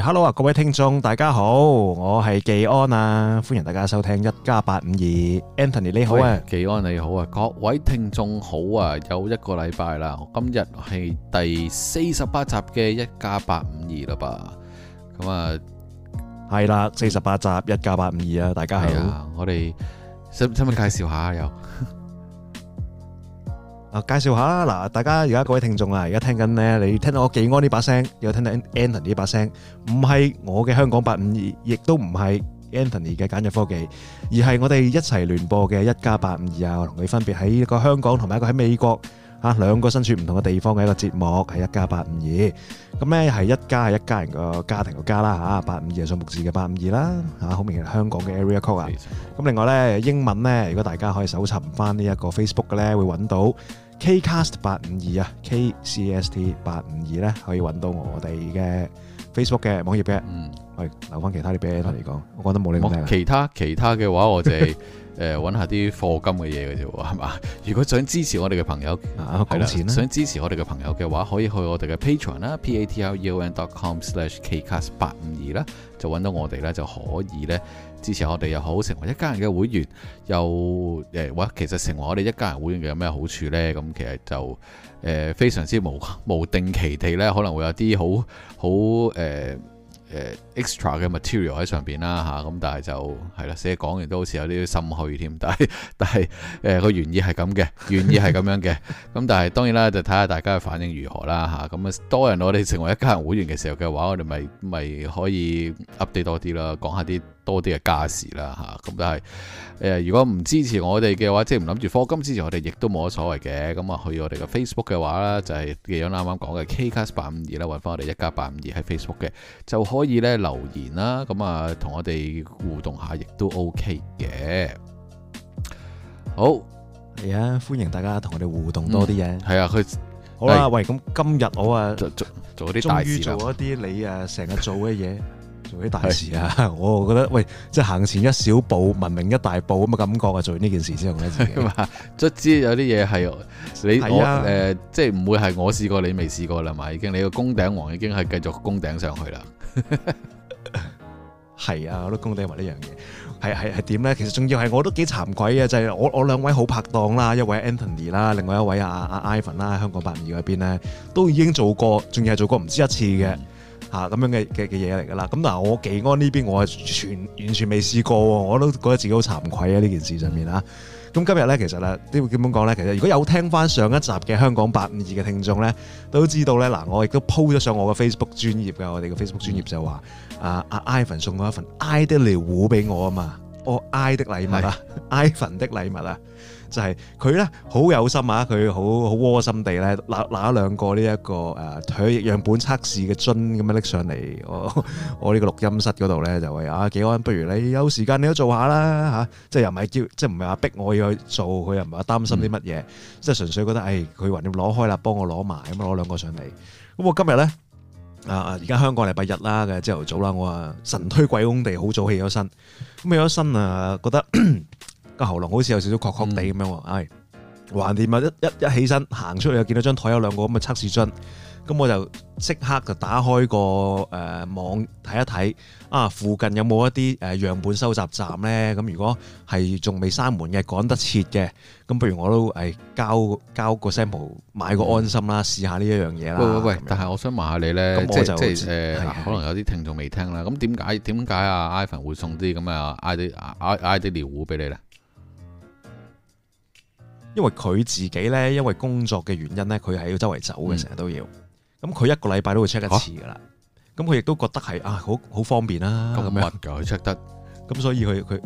Hello 啊，各位聽眾，大家好，我係技安啊，歡迎大家收聽一家八五二，Anthony 你好啊，技安你好啊，各位聽眾好啊，有一個禮拜啦，今日係第四十八集嘅一家八五二啦吧，咁啊係啦，四十八集一家八五二啊，大家好，我哋想唔想介紹下又？ 啊，介紹下啦！嗱，大家而家各位聽眾啊，而家聽緊咧，你聽到我技安呢把聲，又聽到 Anthony 呢把聲，唔係我嘅香港八五二，亦都唔係 Anthony 嘅簡約科技，而係我哋一齊聯播嘅一家八五二啊！我同你分別喺一個香港同埋一個喺美國啊，兩個身處唔同嘅地方嘅一個節目，係一家八五二。咁咧係一家係一家人個家庭嘅家啦嚇，八五二係數目字嘅八五二啦嚇，好明顯係香港嘅 Area Code 啊。咁另外咧，英文咧，如果大家可以搜尋翻呢一個 Facebook 嘅咧，會揾到。Kcast 八五二啊，K C S T 八五二咧，可以揾到我哋嘅 Facebook 嘅網頁嘅。嗯，喂，留返其他啲嘢嚟講，我覺得冇你唔得。其他其他嘅話， 我哋誒揾下啲課金嘅嘢嘅啫喎，係嘛？如果想支持我哋嘅朋友，啊，捐錢啦！想支持我哋嘅朋友嘅話，可以去我哋嘅 Patreon 啦，P A T l U N dot com slash Kcast 八五二啦，就揾到我哋咧就可以咧。支持我哋又好，成為一家人嘅會員又哇！其實成為我哋一家人會員嘅有咩好處呢？咁其實就、呃、非常之無，無定期地呢，可能會有啲好好 extra 嘅 material 喺上邊啦嚇。咁、啊、但係就係啦，寫講完都好似有啲心虛添，但係但係誒個原意係咁嘅，原意係咁樣嘅。咁 但係當然啦，就睇下大家嘅反應如何啦嚇。咁、啊、多人我哋成為一家人會員嘅時候嘅話，我哋咪咪可以 update 多啲啦，講下啲。多啲嘅家事啦，吓，咁都係，誒，如果唔支持我哋嘅話，即係唔諗住課金支持我哋，亦都冇乜所謂嘅。咁啊，去我哋嘅 Facebook 嘅話咧，就係嘅樣啱啱講嘅 K Cast 八五二啦，搵翻我哋一家八五二喺 Facebook 嘅，就可以咧留言啦。咁啊，同、啊、我哋互動下，亦都 OK 嘅。好係啊，歡迎大家同我哋互動多啲嘢。係、嗯、啊，佢好啦。喂，咁今日我啊做做啲大事啦，終於做一啲你誒成日做嘅嘢。做啲大事啊！我覺得喂，即行前一小步，文明一大步咁嘅感覺啊！做完呢件事之後咧、啊呃，卒之有啲嘢係你我誒，即唔會係我試過，你未試過啦嘛？已經你個攻頂王已經係繼續攻頂上去啦。係 啊，我都攻頂埋呢樣嘢，係係係點咧？其實仲要係我都幾慚愧啊！就係、是、我我兩位好拍檔啦，一位 Anthony 啦，另外一位啊，阿 Ivan 啦，香港八二嗰邊咧，都已經做過，仲要係做過唔知一次嘅。嗯嚇，咁樣嘅嘅嘅嘢嚟㗎啦，咁嗱我技安呢邊我係全完全未試過，我都覺得自己好慚愧啊呢件事上面啊，咁今日咧，其實咧，啲點樣講咧，其實如果有聽翻上一集嘅香港八五二嘅聽眾咧，都知道咧嗱，我亦都 post 咗上我個 Facebook 專頁㗎，我哋個 Facebook 專頁就話，阿、嗯、阿、啊、Ivan 送我一份 I 的獵虎俾我啊嘛，我、oh, I 的禮物，Ivan 的禮物啊。 就係佢咧，好有心啊！佢好好窩心地咧，拿拿兩個呢一個誒唾液樣本測試嘅樽，咁樣拎上嚟我我呢個錄音室嗰度咧，就話啊技安，不如你有時間你都做下啦嚇！即係又唔係叫即係唔係話逼我要去做，佢又唔係話擔心啲乜嘢，即係純粹覺得誒佢話你攞開啦，幫我攞埋咁樣攞兩個上嚟。咁我今日咧啊而家香港禮拜日啦嘅朝頭早啦，我啊神推鬼拱地好早起咗身，咁起咗身啊覺得。喉嚨好似有少少確確地咁樣，哎，橫掂啊！一一一起身行出去，見到張枱有兩個咁嘅測試樽，咁我就即刻就打開個誒網睇一睇啊，附近有冇一啲誒樣本收集站咧？咁如果係仲未閂門嘅，趕得切嘅，咁不如我都誒交交個 sample 買個安心啦，試下呢一樣嘢啦。喂喂喂！但係我想問下你咧，咁我就誒可能有啲聽眾未聽啦。咁點解點解阿 Ivan 會送啲咁嘅 I 啲 I 啲尿壺俾你咧？因為佢自己咧，因為工作嘅原因咧，佢係要周圍走嘅，成、嗯、日都要。咁佢一個禮拜都會 check 一次噶啦。咁佢亦都覺得係啊，好好方便啦，啊。咁乜噶？佢 check 得。咁，啊、所以佢佢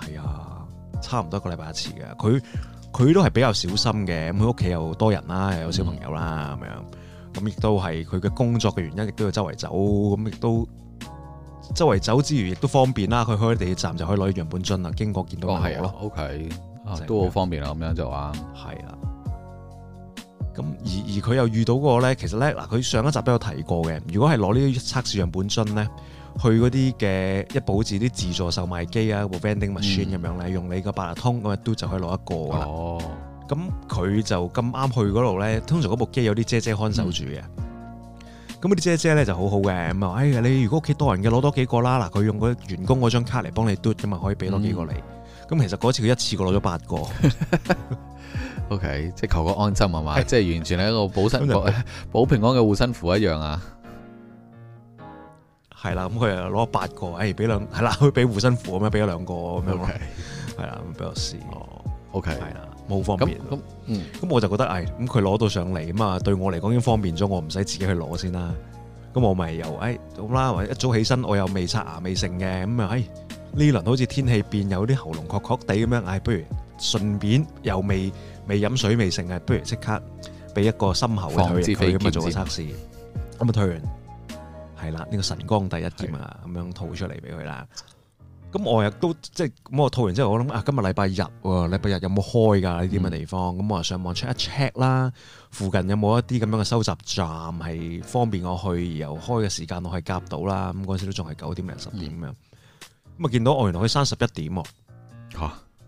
係啊，差唔多一個禮拜一次嘅。佢佢都係比較小心嘅。咁佢屋企又多人啦，又有小朋友啦，咁，嗯，樣。咁亦都係佢嘅工作嘅原因，亦都要周圍走。咁亦都周圍走之餘，亦都方便啦。佢去地鐵站就可以攞樣本樽啦。經過見到，哦係 OK 啊、都好方便啦，咁樣就啱。係啊，咁而而佢又遇到個咧，其實咧嗱，佢上一集都有提過嘅。如果係攞呢啲測試樣本樽咧，去嗰啲嘅一保字啲自助售賣機啊，部 vending machine 咁、嗯、樣咧，用你個八達通咁樣嘟就可以攞一個啊。咁、哦、佢就咁啱去嗰度咧，通常嗰部機有啲姐姐看守住嘅。咁嗰啲姐姐咧就好好嘅，咁啊，哎，你如果屋企多人嘅攞多幾個啦。嗱，佢用嗰員工嗰張卡嚟幫你篤咁啊，可以俾多幾個你。嗯咁其實嗰次佢一次過攞咗八個 ，OK，即係求個安心啊嘛， 即係完全係一個保身、 就是、保平安嘅護身符一樣啊 對。係啦，咁佢又攞八個，誒、哎，俾兩係啦，佢俾護身符咁樣，俾咗兩個咁樣，係、okay. 啦，咁俾我試哦 o k 係啦，好、okay. 方便。咁，咁、嗯、我就覺得，誒、哎，咁佢攞到上嚟，咁啊，對我嚟講已經方便咗，我唔使自己去攞先啦。咁我咪又，誒、哎，咁啦，或者一早起身我又未刷牙未剩嘅，咁啊，誒、哎。呢輪好似天氣變，有啲喉嚨確確地咁樣，唉，不如順便又未未飲水未成啊，不如即刻俾一個深喉嘅咁做測試，咁啊退完，係啦，呢個晨光第一劍啊，咁樣吐出嚟俾佢啦。咁我亦都即係咁我吐完之後，我諗啊，今日禮拜日喎，禮拜日有冇開噶呢啲咁嘅地方？咁我上網 check 一 check 啦，附近有冇一啲咁樣嘅收集站係方便我去由開嘅時間我係夾到啦。咁嗰陣時都仲係九點零十點咁咁啊！見到我原來佢三十一點喎吓，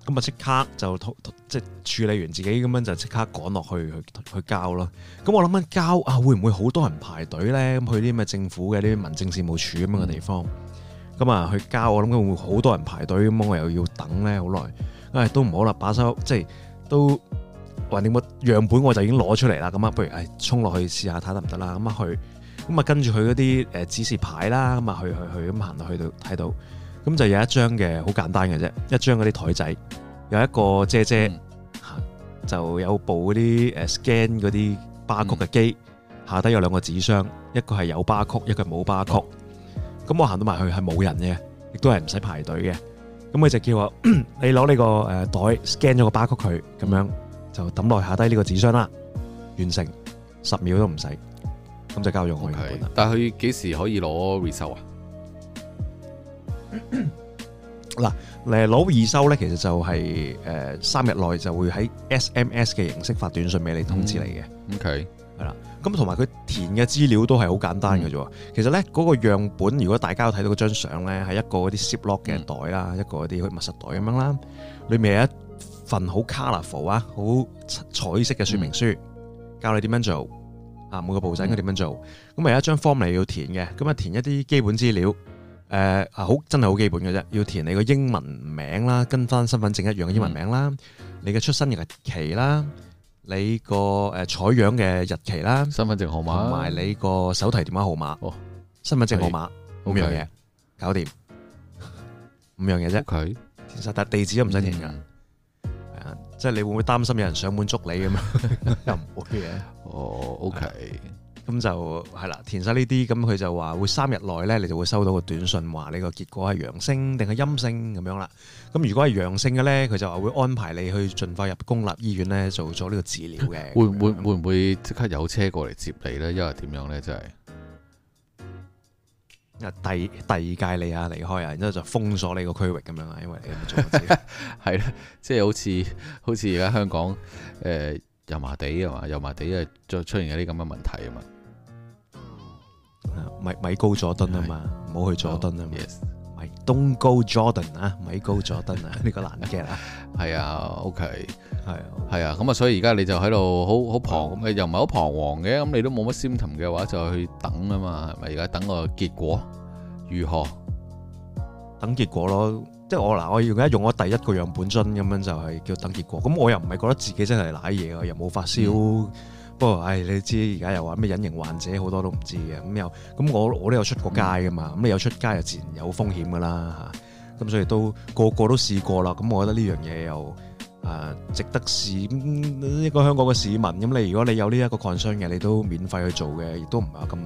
咁啊即刻就即處理完自己咁樣就即刻趕落去去去交咯。咁我諗緊交啊，會唔會好多人排隊咧？咁去啲咩政府嘅啲民政事務處咁樣嘅地方，咁、嗯、啊去交，我諗會好多人排隊咁？我又要等咧，好耐。唉、哎，都唔好啦，把手即係都話你，乜樣本，我就已經攞出嚟啦。咁啊，不如唉、哎、衝落去試下睇得唔得啦。咁啊去咁啊跟住佢嗰啲誒指示牌啦，咁啊去去去咁行到去到睇到。咁就有一張嘅，好簡單嘅啫，一張嗰啲台仔，有一個遮遮、嗯，就有一部嗰啲誒 scan 嗰啲巴曲嘅機，下底有兩個紙箱，一個係有巴曲，一個係冇巴曲。咁我行到埋去係冇人嘅，亦都係唔使排隊嘅。咁佢就叫我， 你攞呢個誒袋 scan 咗個巴曲佢，咁樣就抌落下底呢個紙箱啦，完成十秒都唔使。咁就交用我。Okay, 但係佢幾時可以攞 result 啊、嗯？嗱，嚟 攞二收咧，其實就係誒三日內就會喺 SMS 嘅形式發短信俾你通知你嘅、嗯。O K，係啦，咁同埋佢填嘅資料都係好簡單咋啫、嗯。其實咧嗰個樣本，如果大家睇到嗰張相咧，係一個啲 ziplock 嘅袋啦、嗯，一個啲密實袋咁樣啦，裏面有一份好 colourful 啊，好彩色嘅說明書，嗯、教你點樣做啊，每個步驟應該點樣做。咁、嗯、啊有一張 form 嚟要填嘅，咁啊填一啲基本資料。誒、呃，好真係好基本嘅啫，要填你個英文名啦，跟翻身份證一樣嘅英文名啦、嗯，你嘅出生日期啦，你個誒採樣嘅日期啦，身份證號碼同埋你個手提電話號碼、哦，身份證號碼，五樣嘢、okay，搞掂，五樣嘢啫，佢、okay，其實但地址都唔使填嘅、嗯嗯，即係你會唔會擔心有人上門捉你咁樣？ 又唔會嘅，哦、oh,，OK。咁就係啦，填晒呢啲，咁佢就話會三日內咧，你就會收到個短信，話你個結果係陽性定係陰性咁樣啦。咁如果係陽性嘅咧，佢就話會安排你去盡快入公立醫院咧做咗呢個治療嘅。會會會唔會即刻有車過嚟接你咧？因為點樣咧，就係第第二屆你啊離開啊，然之後就封鎖呢個區域咁樣啊，因為係啦，即 係好似好似而家香港誒油麻地啊嘛，油麻地啊再出現一啲咁嘅問題啊嘛。米咪高佐敦啊嘛，唔好去佐敦啊嘛，咪 Don't、yes. 高佐敦 go 啊，咪高佐敦啊，呢個難嘅啦。係啊，OK，係啊，係、嗯、啊，咁、嗯、啊、嗯嗯，所以而家你就喺度好好彷，又唔係好彷徨嘅，咁、嗯、你都冇乜 symptom 嘅話，就去等啊嘛，係咪？而家等個結果如何？等結果咯，即係我嗱，我而家用咗第一個樣本樽咁樣，就係叫等結果。咁我又唔係覺得自己真係舐嘢啊，又冇發燒。嗯。不過，唉、哎，你知而家又話咩隱形患者，好多都唔知嘅，咁又咁我我都有出過街噶嘛，咁、嗯、你有出街就自然有風險噶啦，咁、嗯、所以都個個都試過啦，咁我覺得呢樣嘢又誒、呃、值得試呢個香港嘅市民，咁你如果你有呢一個 concern 嘅，你都免費去做嘅，亦都唔係咁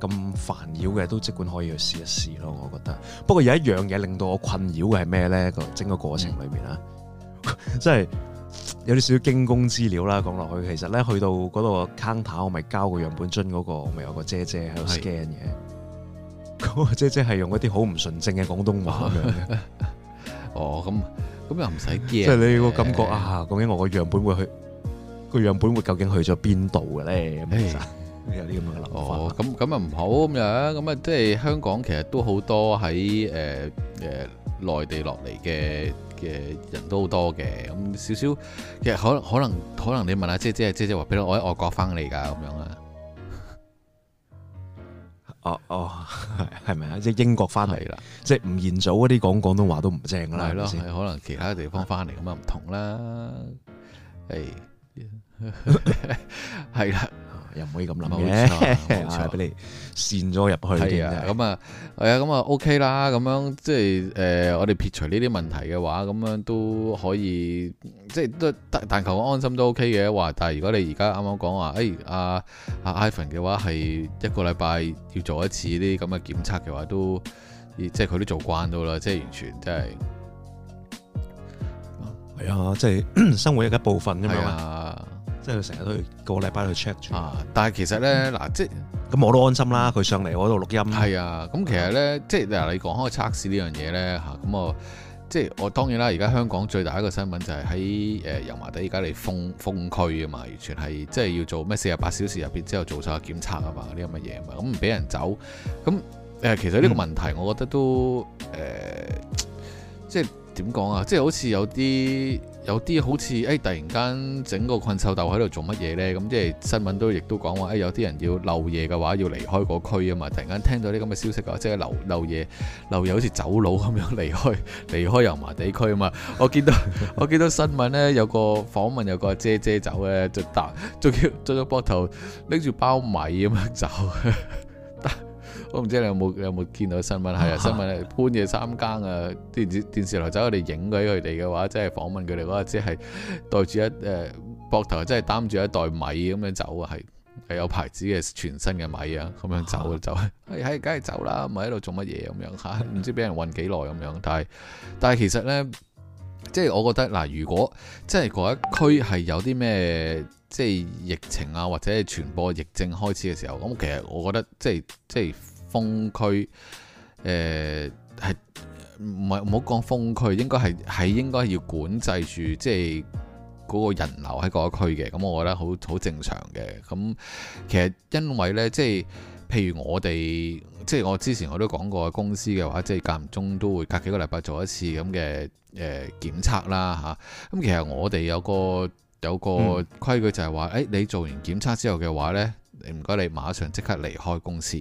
咁煩擾嘅，都即管可以去試一試咯，我覺得。不過有一樣嘢令到我困擾嘅係咩呢？個整個過程裏面啊，即、嗯、係。 有啲少少驚弓之鳥啦，講落去其實咧，去到嗰度 counter，我咪交個樣本樽嗰、嗰個，咪有個姐姐喺度 scan 嘅。嗰個姐姐係用一啲好唔純正嘅廣東話 哦，咁咁又唔使驚。即係你個感覺啊！究竟我個樣本會去個樣本會究竟去咗邊度嘅咧？咁其實有啲咁嘅諗法。哦，咁咁又唔好咁樣，咁啊，即係香港其實都好多喺誒誒。呃呃內地落嚟嘅嘅人都好多嘅，咁少少其實可可能可能你問下即係即係即係話，比如我喺外國翻嚟㗎咁樣啊，哦哦，係係咪啊？即英國翻嚟啦，即吳彥祖嗰啲講廣東話都唔正啦，係咯，可能其他地方翻嚟咁啊唔同啦，係係啦。 又唔可以咁諗嘅，好彩俾你跣咗入去啊，咁啊、OK，係啊，咁啊，OK 啦，咁樣即係誒，我哋撇除呢啲問題嘅話，咁樣都可以，即係都但求個安心都 OK 嘅話，但係如果你而家啱啱講話，誒，阿阿 Ivan 嘅話係一個禮拜要做一次呢啲咁嘅檢測嘅話，都即係佢都做慣都啦，即係完全即係係啊，即係生活嘅一部分咁嘛。即係成日都要個禮拜去 check 住啊！但係其實咧，嗱、嗯，即係咁我都安心啦。佢上嚟我度錄音。係啊，咁其實咧，即係嗱，你講開測試呢樣嘢咧嚇，咁、啊、我即係我當然啦。而家香港最大一個新聞就係喺誒油麻地而家嚟封封區啊嘛，完全係即係要做咩四十八小時入邊之後做晒曬檢測啊嘛，呢啲咁嘅嘢嘛，咁唔俾人走。咁誒、呃，其實呢個問題，我覺得都誒、嗯呃，即係點講啊？即係好似有啲。有啲好似誒、哎，突然間整個困獸鬥喺度做乜嘢呢？咁即係新聞都亦都講話誒，有啲人要漏夜嘅話要離開個區啊嘛。突然間聽到啲咁嘅消息啊，即係漏漏，漏夜漏夜好似走佬咁樣離開離開油麻地區啊嘛。我見到我見到新聞呢，有個訪問有個姐姐走咧，就搭仲要仲咗膊頭拎住包米咁樣走。 都唔知你有冇有冇見到新聞係啊？新聞係半夜三更啊！啲電，電視台走，我哋影佢，佢哋嘅話即係訪問佢哋嘅話，即係袋住一誒膊頭，即、呃、係擔住一袋米咁樣走啊！係係有牌子嘅全新嘅米啊，咁樣走走係係梗係走啦，咪喺度做乜嘢咁樣嚇？唔知俾人運幾耐咁樣，但係但係其實咧，即係我覺得嗱，如果即係嗰一區係有啲咩即係疫情啊，或者係傳播疫症開始嘅時候，咁其實我覺得即係即係。封區誒，係唔係唔好講封區，應該係係應該要管制住，即係嗰個人流喺嗰個區嘅。咁我覺得好好正常嘅。咁、嗯、其實因為呢，即係譬如我哋即係我之前我都講過，公司嘅話，即係間唔中都會隔幾個禮拜做一次咁嘅誒檢測啦。吓、啊、咁，其實我哋有個有個規矩就係話誒，你做完檢測之後嘅話呢，你唔該你馬上即刻離開公司。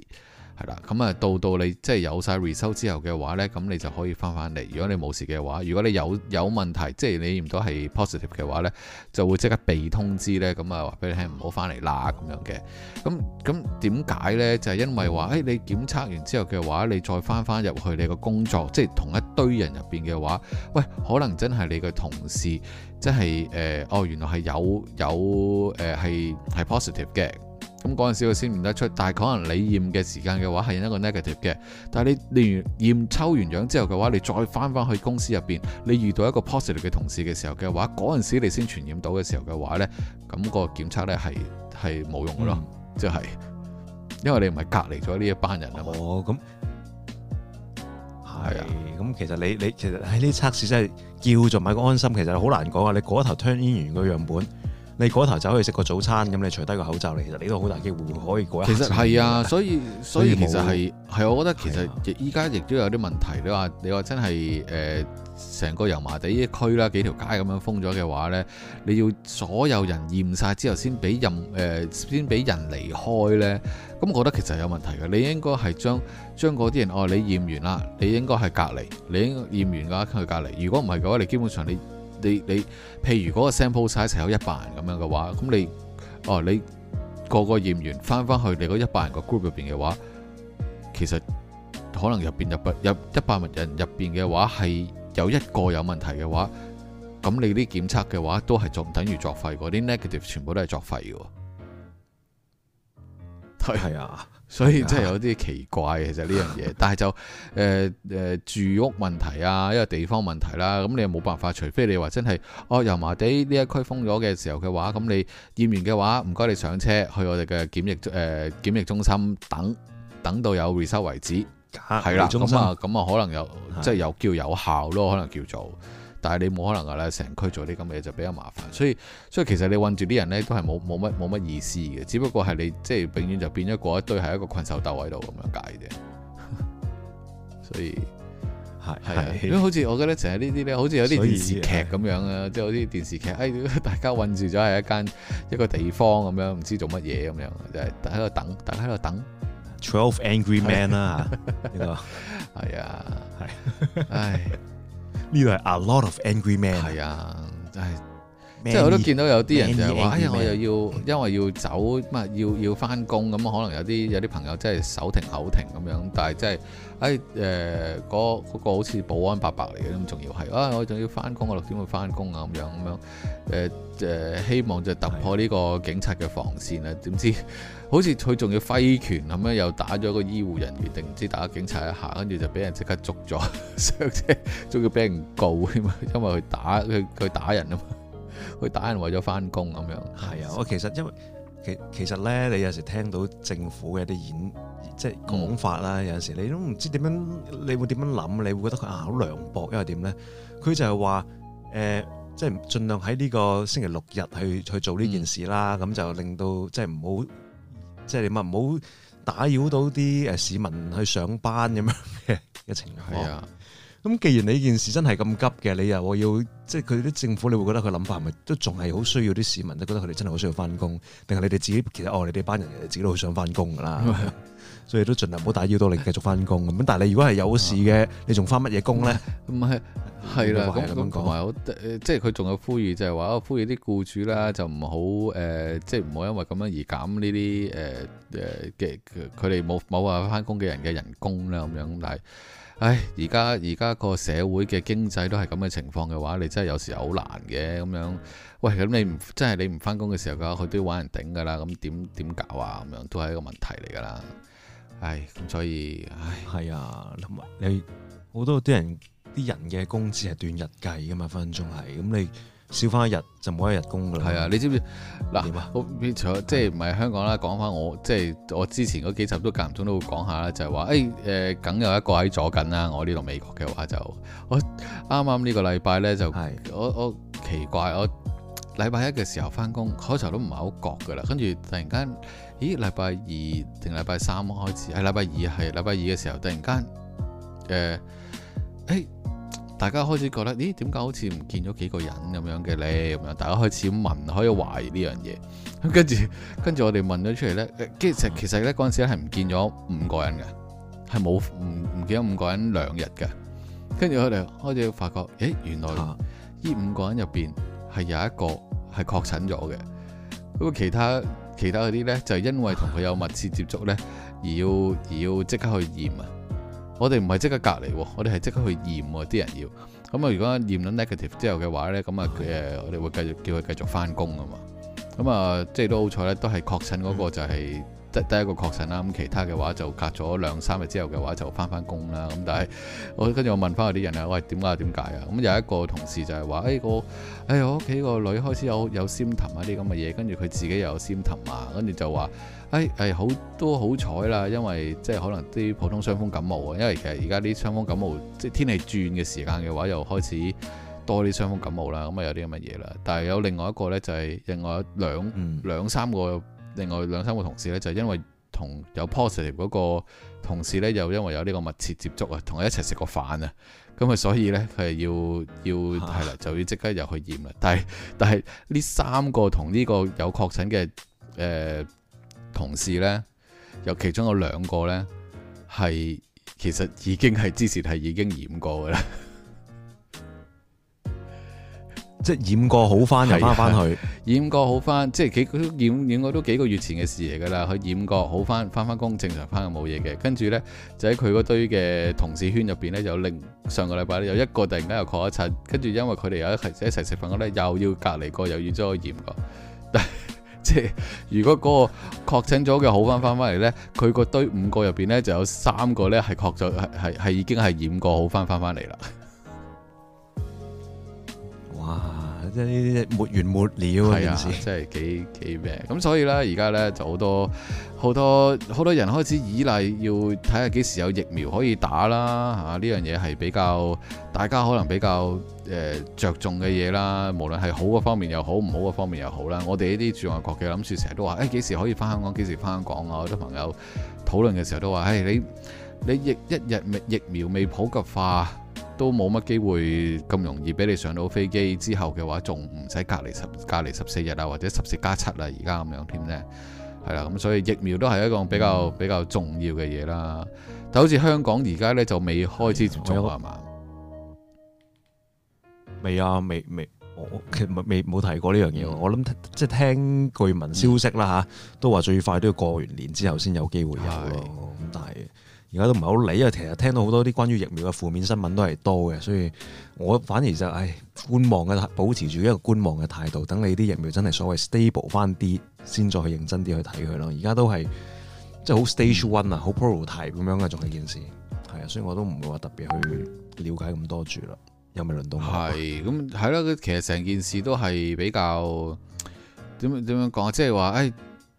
係啦，咁啊到到你即係有晒 result 之後嘅話呢，咁你就可以翻翻嚟。如果你冇事嘅話，如果你有有問題，即係你唔到係 positive 嘅話呢，就會即刻被通知呢。咁啊話俾你聽唔好翻嚟啦咁樣嘅。咁咁點解呢？就係、是、因為話誒、哎，你檢測完之後嘅話，你再翻翻入去你個工作，即係同一堆人入邊嘅話，喂，可能真係你嘅同事，即係誒、呃、哦，原來係有有誒係係 positive 嘅。咁嗰陣時佢先唔得出，但係可能你驗嘅時間嘅話係一個 negative 嘅，但係你例如驗抽完樣之後嘅話，你再翻翻去公司入邊，你遇到一個 positive 嘅同事嘅時候嘅話，嗰陣時你先傳染到嘅時候嘅話呢，咁、嗰個檢測呢係係冇用嘅咯，即、嗯、係、就係、因為你唔係隔離咗呢一班人啊嘛。哦，咁係啊，咁其實你你其實喺呢測試真係叫做買個安心，其實好難講啊！你嗰一頭 turn in 完個樣本。你嗰頭走去食個早餐，咁你除低個口罩你其實你都好大機會，會，會可以過一。其實係啊，所以所以其實係我覺得其實依家亦都有啲問題。你話你話真係呃、成個油麻地一區啦，幾條街咁樣封咗嘅話呢，你要所有人驗曬之後先俾任、呃、先俾人離開呢。咁我覺得其實有問題嘅，你應該係將將嗰啲人哦，你驗完啦，你應該係隔離，你應該驗完噶喺佢隔離。如果唔係嘅話，你基本上你。你你，譬如嗰個 sample size 有一百人咁樣嘅話，咁你哦，你個個驗完翻翻去你嗰一百人個 group 入邊嘅話，其實可能入邊入入一百人入邊嘅話係有一個有問題嘅話，咁你啲檢測嘅話都係仲等於作廢嗰啲 negative 全部都係作廢嘅喎。係係啊。所以真係有啲奇怪其實呢樣嘢，但係就誒誒、呃、住屋問題啊，一為地方問題啦、啊，咁你冇辦法，除非你話真係哦油麻地呢一區封咗嘅時候嘅話，咁你驗完嘅話，唔該你上車去我哋嘅檢疫誒、呃、檢疫中心等，等到有回收 s 為止，係、啊、啦，咁啊咁啊可能有即係、就是、有叫有效咯，可能叫做。但係你冇可能噶啦，成區做啲咁嘅嘢就比較麻煩，所以所以其實你韞住啲人咧都係冇冇乜冇乜意思嘅，只不過係你即係、就是、永遠就變咗嗰一堆係一個困獸鬥喺度咁樣解啫。所以係係、 啊、因為好似我覺得成日呢啲咧，好似有啲電視劇咁樣啊，即係、就是、有啲電視劇，哎、大家韞住咗係一間一個地方咁樣，唔知做乜嘢咁樣，就係喺度等，大家喺度等。Twelve Angry Men 啊，呢個係啊，係 唉 you know?、啊。 呢個係 a lot of angry man 係啊，真、哎、Many, 即係我都見到有啲人就話：many angry 哎，呀，我又要因為要走，乜要要翻工咁，嗯嗯、可能有啲有啲朋友真係手停口停咁樣，但係即係，哎誒，嗰、呃那個好似保安伯伯嚟嘅咁重要係、哎，啊，我仲要翻工，我六點會翻工啊咁樣咁樣，誒、呃、誒、呃，希望就突破呢個警察嘅防線啊，點的知？好似佢仲要揮拳咁樣，又打咗個醫護人員定唔知打警察一下，跟住就俾人即刻捉咗，甚至仲要俾人告啊嘛！因為佢打佢佢打人啊嘛，佢打人為咗翻工咁樣。係啊，我其實因為其其實咧，你有時聽到政府嘅啲演即係、就是、講法啦、哦，有時你都唔知點樣，你會點樣諗？你會覺得佢啊好涼薄，因為點咧？佢就係話誒，即、呃、係、就是、盡量喺呢個星期六日去去做呢件事啦，咁、嗯、就令到即係唔好。就是即係你咪唔好打擾到啲市民去上班咁樣嘅嘅情況。啊，咁既然你件事真係咁急嘅，你又要即係佢啲政府，你會覺得佢諗法係咪都仲係好需要啲市民都覺得佢哋真係好需要翻工，定係你哋自己其實哦，你哋班人自己都好想翻工㗎啦。嗯 佢哋都盡量唔好打擾到你繼續翻工咁。 但係你如果係有事嘅，啊，你仲翻乜嘢工咧？唔係係啦，咁同即係佢仲有呼籲，就呼籲就、呃，就係話呼籲啲僱主啦，就唔好誒，即係唔好因為咁樣而減呢啲誒誒嘅佢哋冇冇話翻工嘅人嘅人工啦咁樣。但係唉，而家而家個社會嘅經濟都係咁嘅情況嘅話，你真係有時好難嘅咁樣。喂，咁你唔即係你唔翻工嘅時候嘅話，佢都要揾人頂噶啦。咁點點搞啊？咁樣都係一個問題嚟噶啦。係，咁所以，唉，係啊，同埋你好多啲人，啲人嘅工資係短日計噶嘛，分分鐘係，咁你少翻一日就冇一日工噶啦。係啊，你知唔知嗱？即係唔係香港啦，講翻我即係我之前嗰幾集都間唔中都會講下啦，就係、是、話，誒、欸、誒，梗有一個喺左近啦。我呢度美國嘅話就，我啱啱呢個禮拜咧就，我我奇怪我。禮拜一嘅時候翻工，開頭都唔係好覺噶啦，跟住突然間，咦？禮拜二定禮拜三開始，係禮拜二係禮拜二嘅時候，突然間，誒、呃，誒、哎，大家開始覺得，咦？點解好似唔見咗幾個人咁樣嘅咧？咁樣大家開始問，開始懷疑呢樣嘢。咁跟住，跟住我哋問咗出嚟咧，跟住其實其實咧嗰陣時係唔見咗五個人嘅，係冇唔唔見咗五個人兩日嘅。跟住我哋開始發覺，咦？原來呢五個人入邊。係有一個係確診咗嘅，咁其他其他嗰啲咧就係、是、因為同佢有密切接觸咧，而要而要即刻去驗啊！我哋唔係即刻隔離喎，我哋係即刻去驗喎，啲人要。咁啊，如果驗到 negative 之後嘅話咧，咁啊誒，我哋會繼續叫佢繼續返工啊嘛。咁啊、呃，即係都好彩咧，都係確診嗰個就係、是。得一個確診啦，咁其他嘅話就隔咗兩三日之後嘅話就翻翻工啦。咁但係我跟住我問翻嗰啲人啊，我係點解啊點解啊？咁有一個同事就係話，誒、哎、我誒、哎、我屋企個女開始有有咽喉啊啲咁嘅嘢，跟住佢自己又有咽喉啊，跟住就話，誒係好都好彩啦，因為即係可能啲普通傷風感冒啊。因為其實而家啲傷風感冒即係天氣轉嘅時間嘅話，又開始多啲傷風感冒啦。咁啊有啲咁嘅嘢啦。但係有另外一個呢，就係另外兩兩三個。嗯另外兩三個同事咧，就因為同有 positive 嗰個同事咧，又因為有呢個密切接觸啊，同佢一齊食過飯啊，咁啊，所以咧佢係要要係啦，就要即刻入去驗啦。但係但係呢三個同呢個有確診嘅誒、呃、同事咧，有其中有兩個咧係其實已經係之前係已經驗過㗎啦。即係染過好翻，翻翻去染過好翻，即係幾染染過都幾個月前嘅事嚟㗎啦。佢染過好翻，翻翻工正常翻又冇嘢嘅。跟住呢，就喺佢嗰堆嘅同事圈入邊呢，有另上個禮拜咧有一個突然間又確咗診，跟住因為佢哋有一齊一齊食飯，我咧又要隔離過，又要再染過。但係即係如果嗰個確診咗嘅好翻翻翻嚟呢，佢個堆五個入邊呢，就有三個呢，係確咗，係係已經係染過好翻翻翻嚟啦。哇、啊！即係呢啲沒完沒了啊！真係幾幾咩咁，所以呢，而家呢就好多好多好多人開始依賴，要睇下幾時有疫苗可以打啦嚇。呢樣嘢係比較大家可能比較誒、呃、着重嘅嘢啦。無論係好嗰方面又好，唔好嗰方面又好啦。我哋呢啲住外國嘅諗住成日都話：誒、哎、幾時可以翻香港？幾時翻香港啊？好多朋友討論嘅時候都話：誒、哎、你你疫一日疫苗未普及化，都冇乜機會咁容易俾你上到飛機，之後嘅話，仲唔使隔離十隔離十四日啊，或者十四加七啊，而家咁樣添咧。係啦，咁所以疫苗都係一個比較、嗯、比較重要嘅嘢啦。但好似香港而家呢，就未開始接種係嘛？未啊，未未，我其實未冇提過呢樣嘢。我諗即係聽據聞消息啦吓，都話最快都要過完年之後先有機會咯。咁但係。而家都唔係好理啊！其實聽到好多啲關於疫苗嘅負面新聞都係多嘅，所以我反而就係、唉觀望嘅，保持住一個觀望嘅態度，等你啲疫苗真係所謂 stable 翻啲，先再去認真啲去睇佢咯。而家都係即係好 stage one 啊，好 prototype 咁樣嘅仲係件事，係啊，所以我都唔會話特別去了解咁多住啦。又未輪到？係咁係啦，其實成件事都係比較點樣點樣講，即係話誒。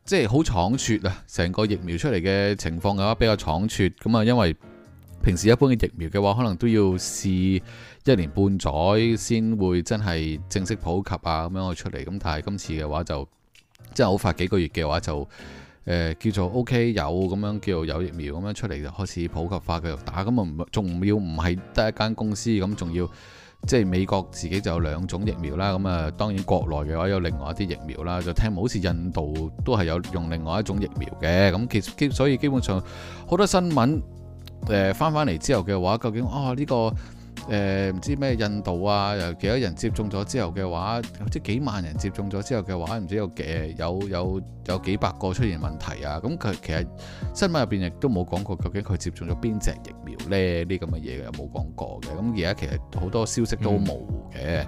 即係好倉促啊！成個疫苗出嚟嘅情況嘅話比較倉促咁啊，因為平時一般嘅疫苗嘅話，可能都要試一年半載先會真係正式普及啊咁樣出嚟。咁但係今次嘅話就真係好快，幾個月嘅話就、呃、叫做 O、OK, K 有咁樣叫做有疫苗咁樣出嚟就開始普及化繼續打咁啊，唔仲唔要唔係得一間公司咁，仲要。即係美國自己就有兩種疫苗啦，咁啊當然國內嘅話有另外一啲疫苗啦，就聽聞好似印度都係有用另外一種疫苗嘅，咁其實基所以基本上好多新聞誒翻翻嚟之後嘅話，究竟啊呢、哦呢個？誒、呃、唔知咩印度啊，幾多人接種咗之後嘅話，即啲幾萬人接種咗之後嘅話，唔知有誒有有有幾百個出現問題啊！咁、嗯、佢、嗯、其實新聞入邊亦都冇講過，究竟佢接種咗邊隻疫苗咧？呢咁嘅嘢有冇講過嘅？咁而家其實好多消息都模糊嘅。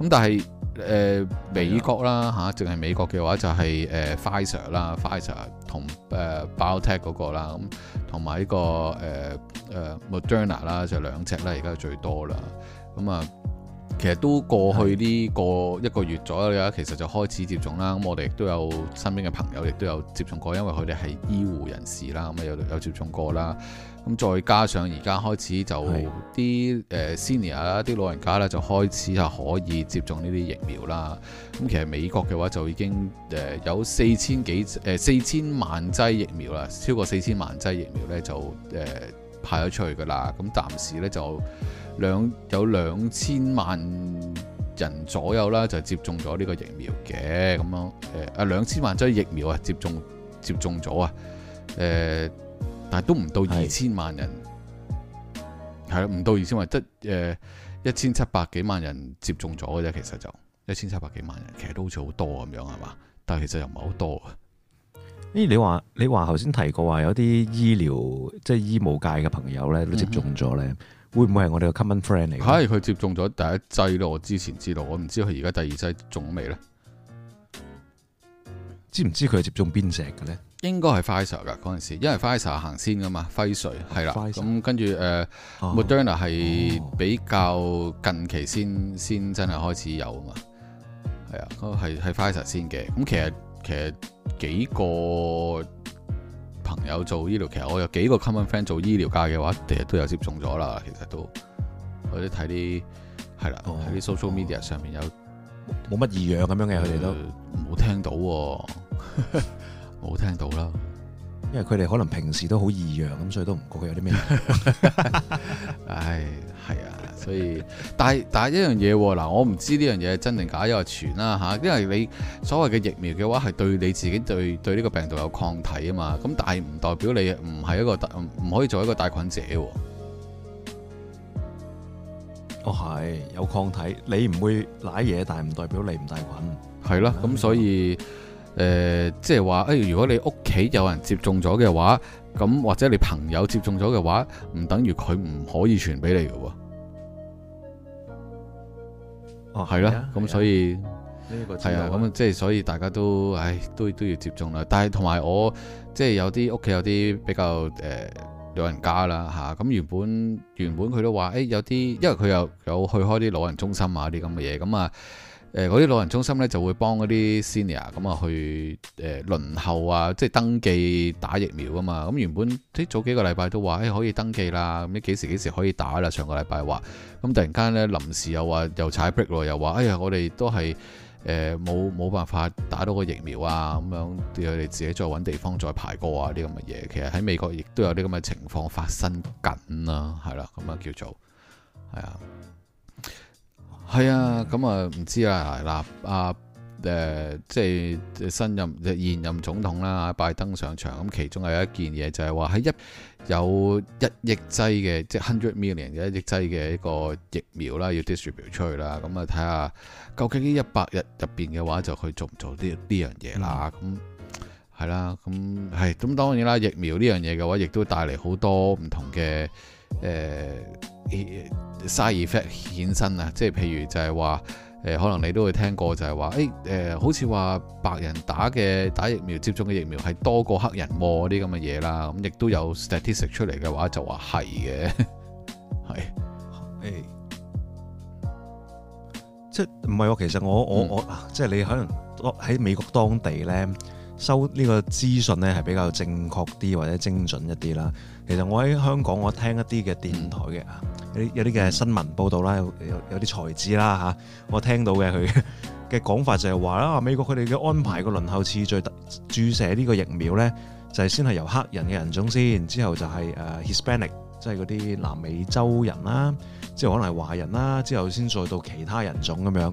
咁但係誒、呃、美國啦吓，淨、嗯、係美國嘅話就係、是、誒、呃嗯、Pfizer 啦、啊、Pfizer 同誒 BioNTech 嗰、那個啦。啊同埋呢個、呃呃、Moderna 啦，就兩隻啦，而家最多啦。咁啊，其實都過去呢個一個月左右啦，其實就開始接種啦。咁我哋亦都有身邊嘅朋友，亦都有接種過，因為佢哋係醫護人士啦。咁啊，有有接種過啦。咁再加上而家開始就啲誒 senior 啦，啲老人家咧就開始啊可以接種呢啲疫苗啦。咁其實美國嘅話就已經誒有四千幾誒四千萬劑疫苗啦，超過四千萬劑疫苗咧就誒派咗出去噶啦。咁暫時咧就兩有兩千萬人左右啦，就接種咗呢個疫苗嘅。咁樣誒啊兩千萬劑疫苗啊接種接種咗啊誒，呃但係都唔到二千萬人，係啦，唔到二千萬，即誒一千七百幾萬人接種咗嘅啫。其實就一千七百幾萬人，其實都好似好多咁樣係嘛？但係其實又唔係好多啊。誒，你話你話頭先提過話有啲醫療即係、就是、醫務界嘅朋友咧都接種咗咧、嗯，會唔會係我哋嘅 common friend 嚟？係佢接種咗第一劑咯。我之前知道，我唔知佢而家第二劑種咗未咧？知唔知佢係接種邊隻嘅咧？應該係 Pfizer 嘅嗰陣時，因為 Pfizer 行先嘅嘛，輝瑞係啦，咁跟住誒、呃 oh. Moderna 係比較近期先先、oh. 真係開始有啊嘛，係啊，係係 Pfizer 先嘅。咁其實其實幾個朋友做醫療，其實我有幾個 common friend 做醫療界嘅話，第日都有接種咗啦。其實都或者睇啲係啦，喺啲 social media 上面有冇乜、oh. oh. 異樣咁樣嘅，佢哋都冇聽到的。 冇聽到啦，因為佢哋可能平時都好異樣咁，所以都唔覺佢有啲咩。唉，係啊，所以但係但係一樣嘢喎，嗱，我唔知呢樣嘢真定假，又係傳啦吓，因為你所謂嘅疫苗嘅話，係對你自己對對呢個病毒有抗體啊嘛，咁但係唔代表你唔係一個唔可以做一個帶菌者喎、啊。哦，係有抗體，你唔會舐嘢，但係唔代表你唔帶菌。係咯、啊，咁、嗯、所以。誒、呃，即係話誒，如果你屋企有人接種咗嘅話，咁或者你朋友接種咗嘅話，唔等於佢唔可以傳俾你嘅喎。哦，係咯、啊，咁、啊、所以係啊，咁即係所以大家都，唉、哎，都都要接種啦。但係同埋我即係、就是、有啲屋企有啲比較誒老、呃、人家啦吓，咁、啊、原本原本佢都話誒、哎，有啲因為佢又有，有去開啲老人中心啊啲咁嘅嘢，咁啊。誒嗰啲老人中心咧就會幫嗰啲 senior 咁啊去誒輪候啊，即係登記打疫苗啊嘛。咁原本啲早幾個禮拜都話，誒可以登記啦，咁你幾時幾時可以打啦？上個禮拜話，咁突然間咧，臨時又話又踩 break 又話，哎呀，我哋都係誒冇冇辦法打到個疫苗啊咁樣，要佢哋自己再揾地方再排過啊啲咁嘅嘢。其實喺美國亦都有啲咁嘅情況發生緊啦、啊，係啦，咁啊叫做係啊。係啊，咁啊唔知啊。嗱、呃，阿誒即係新任現任總統啦，拜登上場，咁其中係有一件嘢就係話喺一有一億劑嘅即係 hundred million 嘅一億劑嘅一個疫苗啦，要 distribute 出去啦，咁啊睇下究竟呢一百日入邊嘅話就佢做唔做呢呢樣嘢啦，咁係啦，咁係咁當然啦，疫苗呢樣嘢嘅話亦都帶嚟好多唔同嘅誒。呃嘅 side effect 衍生啊，即係譬如就係話，誒、呃，可能你都會聽過就係話，誒、哎，誒、呃，好似話白人打嘅打疫苗接種嘅疫苗係多過黑人喎，啲咁嘅嘢啦，咁亦都有 statistics 出嚟嘅話就話係嘅，係，誒、哎，即係唔係我其實我我、嗯、我，即係你可能喺美國當地咧收呢個資訊咧係比較正確啲或者精準一啲啦。其實我喺香港，我聽一啲嘅電台嘅啊、嗯，有啲有啲嘅新聞報導啦，有有啲才智啦嚇，我聽到嘅佢嘅講法就係話啦，美國佢哋嘅安排個輪候次序，注射呢個疫苗咧，就係、是、先係由黑人嘅人種先，之後就係誒 Hispanic，即係嗰啲南美洲人啦，之後可能係華人啦，之後先再到其他人種咁樣。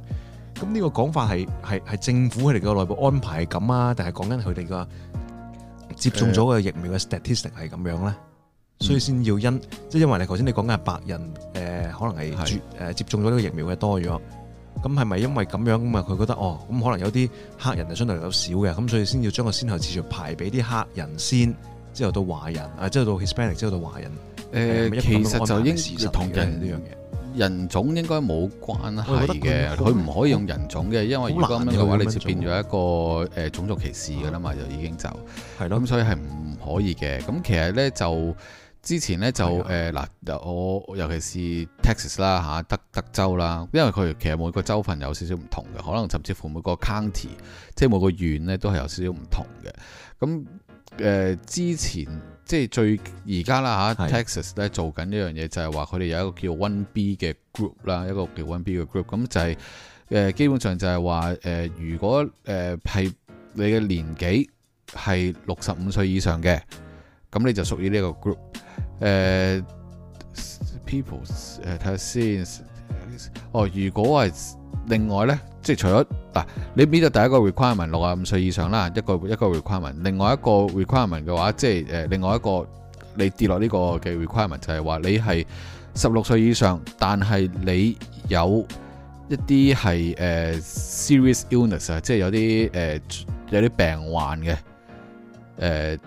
咁呢個講法係係係政府佢哋嘅內部安排咁啊？定係講緊佢哋嘅接種咗個疫苗嘅 statistic 係咁樣咧？所以先要因，即係因為你頭先你講緊係白人，誒可能係接接種咗呢個疫苗嘅多咗，咁係咪因為咁樣咁啊？佢覺得哦，咁可能有啲黑人就相對嚟講少嘅，咁所以先要將個先後次序排俾啲黑人先，之後到華人，啊之後到 Hispanic 之後到華人，誒、呃、其實就應同人呢樣嘢，人種應該冇關係嘅，佢唔可以用人種嘅，因為如果咁樣嘅話，你就變咗一個誒種族歧視㗎啦嘛、啊，就已經就係咯，咁所以係唔可以嘅。咁其實咧就。之前呢，就誒嗱，我尤其是 Texas 啦、啊、吓，德德州啦，因為佢其實每個州份有少少唔同嘅，可能甚至乎每個 county，即係每個縣、呃啊、呢，都係有少少唔同嘅。咁誒之前即係最而家啦吓，Texas 咧做緊一樣嘢就係話佢哋有一個叫 One B 嘅 group 啦，一個叫 One B 嘅 group，咁就係、是呃、基本上就係話誒如果誒係、呃、你嘅年紀係六十五歲以上嘅。咁你就屬於呢個 group，誒、呃、people，誒睇下先。哦，如果係另外咧，即係除咗嗱、啊，你 meet 到第一個 requirement 六十五歲以上啦，一個一個 requirement，另一個 requirement、呃。另外一個 requirement 嘅話，即係誒另外一個你跌落呢個嘅 requirement 就係話你係十六歲以上，但係你有一啲係誒 serious illness 啊，即、呃、係有啲誒有啲病患嘅誒。呃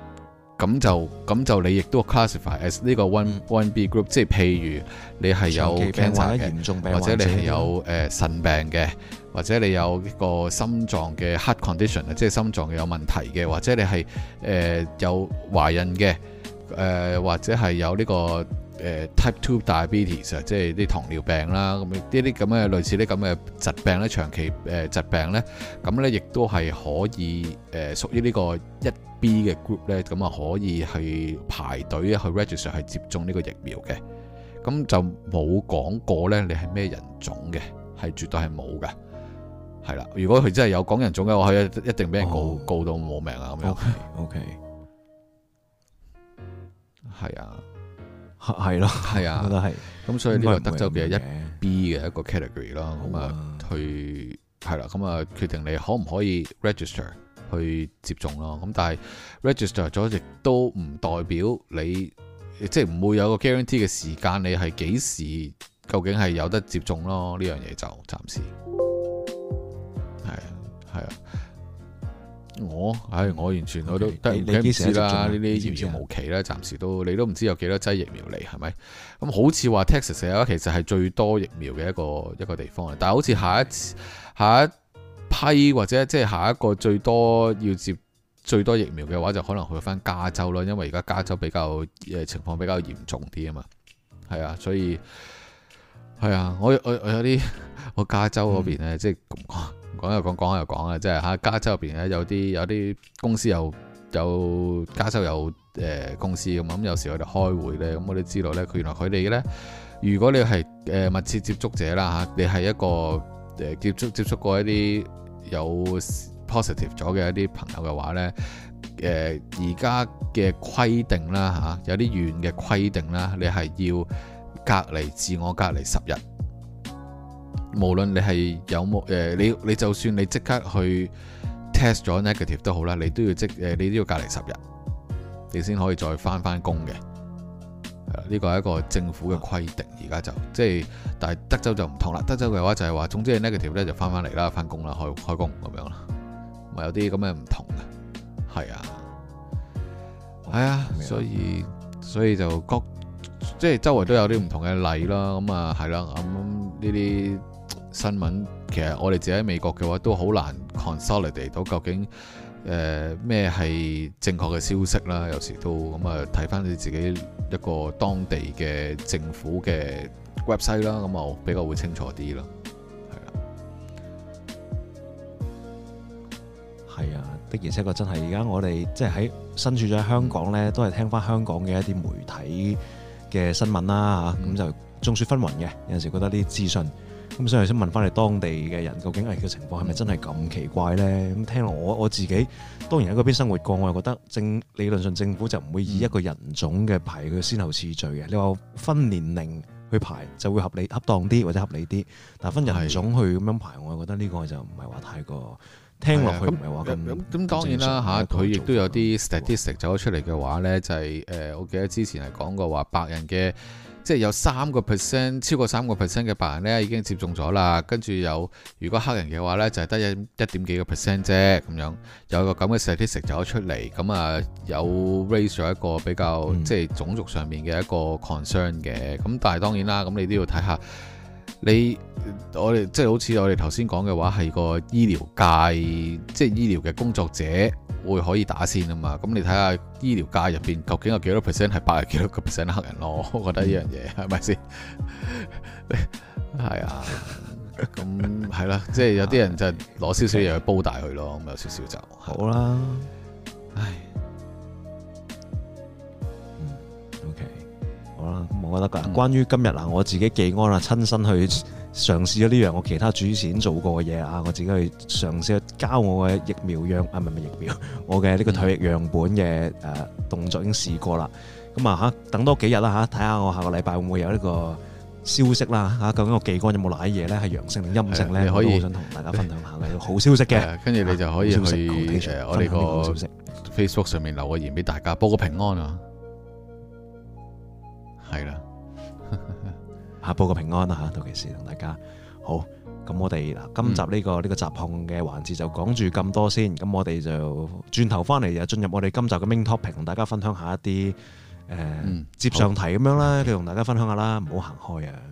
咁就咁就你亦都 classify as 呢個 one one B group，即係譬如你係有 cancer 嘅，或者你係有誒腎、呃、病嘅，或者你有呢個心臟嘅 heart condition 啊，即係心臟有問題嘅，或者你係誒、呃、有懷孕嘅，誒、呃、或者係有呢、這個。誒、呃、type two diabetes 啊，即係啲糖尿病啦，咁啲啲咁嘅類似啲咁嘅疾病咧，長期誒疾病咧，咁咧亦都係可以誒屬、呃、於個呢個一 B 嘅 group 咧，咁啊可以去排隊去 register 去接種呢個疫苗嘅。咁就冇講過咧，你係咩人種嘅，係絕對係冇嘅。係啦，如果佢真係有講人種嘅話，佢一定俾人告、oh. 告到冇命啊！咁樣 OK OK，係啊。係咯，係啊，咁、嗯、所以呢個德州嘅一 B 嘅一個 category 咯，咁啊去係啦，咁啊決定你可唔可以 register 去接種咯？咁但係 register 咗亦都唔代表你即係唔會有個 guarantee 嘅時間，你係幾時究竟係有得接種咯？呢樣嘢就暫時係啊，係啊。我，唉、哎，我完全 okay，我都都唔驚事啦，呢啲遙遙無期啦，暫時都你都唔知有幾多劑疫苗嚟，係咪？咁好似話 Texas 啊，其實係最多疫苗嘅一個一個地方啊。但係好似下一次下一批或者即係下一個最多要接最多疫苗嘅話，就可能去翻加州咯，因為而家加州比較誒情況比較嚴重啲啊嘛。係啊，所以係啊，我我我有啲我加州嗰邊咧，即係。講又講，講又講啊！即係嚇，加州入邊咧有啲有啲公司有有加州有誒、呃、公司咁，咁有時佢哋開會咧，咁我哋知道咧，佢原來佢哋咧，如果你係誒、呃、密切接觸者啦嚇、啊，你係一個誒、呃、接觸接觸過一啲有 positive 咗嘅一啲朋友嘅話咧，誒而家嘅規定啦嚇、啊，有啲嚴嘅規定啦、啊，你係要隔離自我隔離十日。無論你係有冇誒，你你就算你即刻去 test 咗 negative 都好啦，你都要即誒，你都要隔離十日，你先可以再翻翻工嘅。呢個係一個政府嘅規定，而家就即係，但係德州就唔同啦。德州嘅話就係話，總之你 negative 咧就翻翻嚟啦，翻工啦，開開工咁樣啦，咪有啲咁嘅唔同嘅。係啊，係啊，哎，所以所以就各即係周圍都有啲唔同嘅例啦。咁啊係啦，咁呢啲。新聞其實我哋自己喺美國嘅話，都好難 consolidate 到究竟誒咩係正確嘅消息啦。有時都咁啊，睇翻你自己一個當地嘅政府嘅 website 啦，咁、嗯、啊比較會清楚啲咯。係啊，啊，的而且確真係而家我哋即係喺身處咗香港呢，都係聽翻香港嘅一啲媒體嘅新聞啦。嚇、嗯、咁就眾說紛紜嘅，有陣時覺得啲資訊。咁所以想問翻你當地嘅人，究竟呢個情況係咪真係咁奇怪咧？咁、嗯、聽落我我自己，當然喺嗰邊生活過，我又覺得政理論上政府就唔會以一個人種嘅排佢先後次序嘅、嗯。你話分年齡去排就會合理、恰當啲或者合理啲。但分人種去咁樣排，我又覺得呢個就唔係話太過聽落去唔係話咁咁咁當然啦嚇，佢亦、啊、都有啲 statistic 走咗出嚟嘅話咧、嗯，就係、是、誒我記得之前係講過話白人嘅。即係有三個 percent，超過三個 percent 嘅白人咧已經接種咗啦，跟住有如果黑人嘅話咧就係得一一點幾個 percent 啫咁樣，有個咁嘅 statistic 走咗出嚟，咁啊有 raise 咗一個比較即係種族上面嘅一個 concern 嘅，咁但係當然啦，咁你都要睇下。你我哋即係好似我哋頭先講嘅話，係個醫療界，即係醫療嘅工作者會可以打先啊嘛。咁你睇下醫療界入邊究竟有幾多 percent 係八十幾多 percent 黑人咯？我覺得依樣嘢係咪先？係、嗯、 是啊，咁係啦，即對係 有啲人就攞少少嘢去煲大佢咯，咁、okay. 有少少就好啦。唉，OK 我覺得㗎，關於今日嗱，我自己技安啊，親身去嘗試咗呢樣我其他主線做過嘅嘢啊，我自己去嘗試去交我嘅疫苗樣啊，唔係唔係疫苗，我嘅呢個體液樣本嘅誒動作已經試過啦。咁啊嚇，等多幾日啦嚇，睇下我下個禮拜會唔會有呢個消息啦嚇，究竟我技安有冇瀨嘢咧？係陽性定陰性咧？你可以好想同大家分享下嘅好消息嘅，跟住你就可以消息、uh, 消息我呢個 Facebook 上面留個言俾大家，報個平安啊！係啦，吓報個平安啦吓，尤其是同大家好。咁我哋嗱，今集呢，這個呢，嗯這個集控嘅環節就講住咁多先。咁我哋就轉頭翻嚟又進入我哋今集嘅 main topic，同大家分享下一啲誒、呃嗯、接上題咁樣啦，同大家分享下啦，唔好行開啊！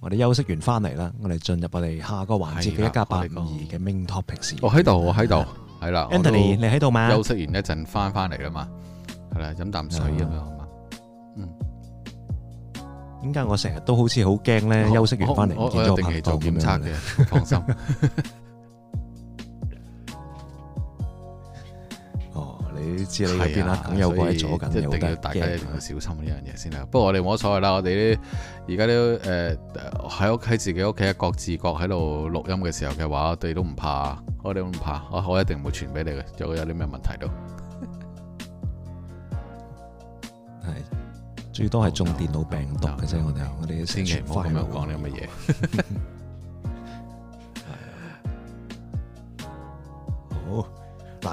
我哋休息完翻嚟啦，我哋進入我哋下個環節嘅一家八五二嘅 main topic 先。我喺度，我喺度，係啦。Anthony，你喺度嘛？休息完一陣翻翻嚟啦嘛，係啦，飲啖水咁樣好嘛？嗯，點解、嗯、我成日都好似好驚咧？休息完翻嚟，我我，我，我定期做檢測嘅，放心。 你知你喺邊啦，咁有鬼阻緊，一定要大家要小心呢樣嘢先啦、嗯。不過我哋冇得阻啦，我哋呢而家都誒喺屋企自己屋企各自各喺度錄音嘅時候嘅話，我哋都唔怕，我哋都唔怕，我我一定唔會傳俾你嘅，如果有啲咩問題都係， 最多係中電腦病毒嘅啫、嗯嗯。我哋我哋千祈唔好咁樣講啲乜嘢。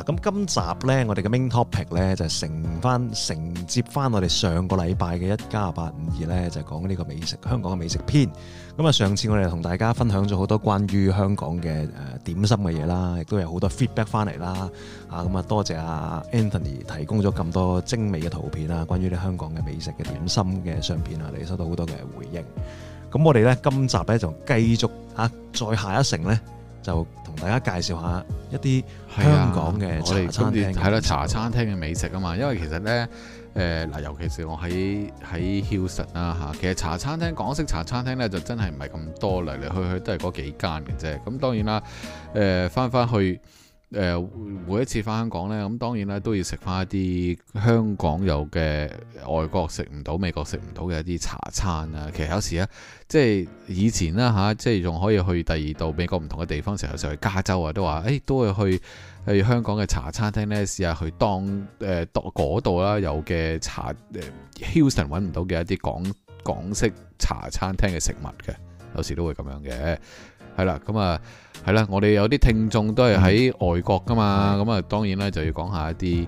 咁今集呢，我哋嘅 main topic 呢就係承翻承接翻我哋上個禮拜嘅一家八五二呢，就係呢就係、講呢個美食香港嘅美食篇。咁啊，上次我哋同大家分享咗好多關於香港嘅誒點心嘅嘢啦，亦都有好多 feedback 翻嚟啦。啊，咁啊，多謝阿、啊、Anthony 提供咗咁多精美嘅圖片啊，關於啲香港嘅美食嘅點心嘅相片啊，你收到好多嘅回應。咁我哋呢，今集呢就繼續啊，再下一城呢。就。大家介紹下一啲香港嘅茶餐廳，係啦茶餐廳嘅美食啊嘛，因為其實咧，呃、嗱，尤其是我喺喺 Hilton 啦、嚇、其實茶餐廳港式茶餐廳咧就真係唔係咁多，嚟嚟去去都係嗰幾間嘅啫。咁當然啦，返翻翻去。誒、呃、每一次翻香港呢，咁當然咧都要食翻一啲香港有嘅外國食唔到、美國食唔到嘅一啲茶餐啦、啊。其實有時咧，即係以前啦嚇、啊，即係仲可以去第二度美國唔同嘅地方，成日就去加州啊，都話誒，都會去去香港嘅茶餐廳呢，試下去當誒嗰度啦有嘅茶誒、呃、Hilton 揾唔到嘅一啲港港式茶餐廳嘅食物嘅，有時都會咁樣嘅。係啦，咁啊，係啦，我哋有啲聽眾都係喺外國噶嘛，咁啊，當然咧就要講下一啲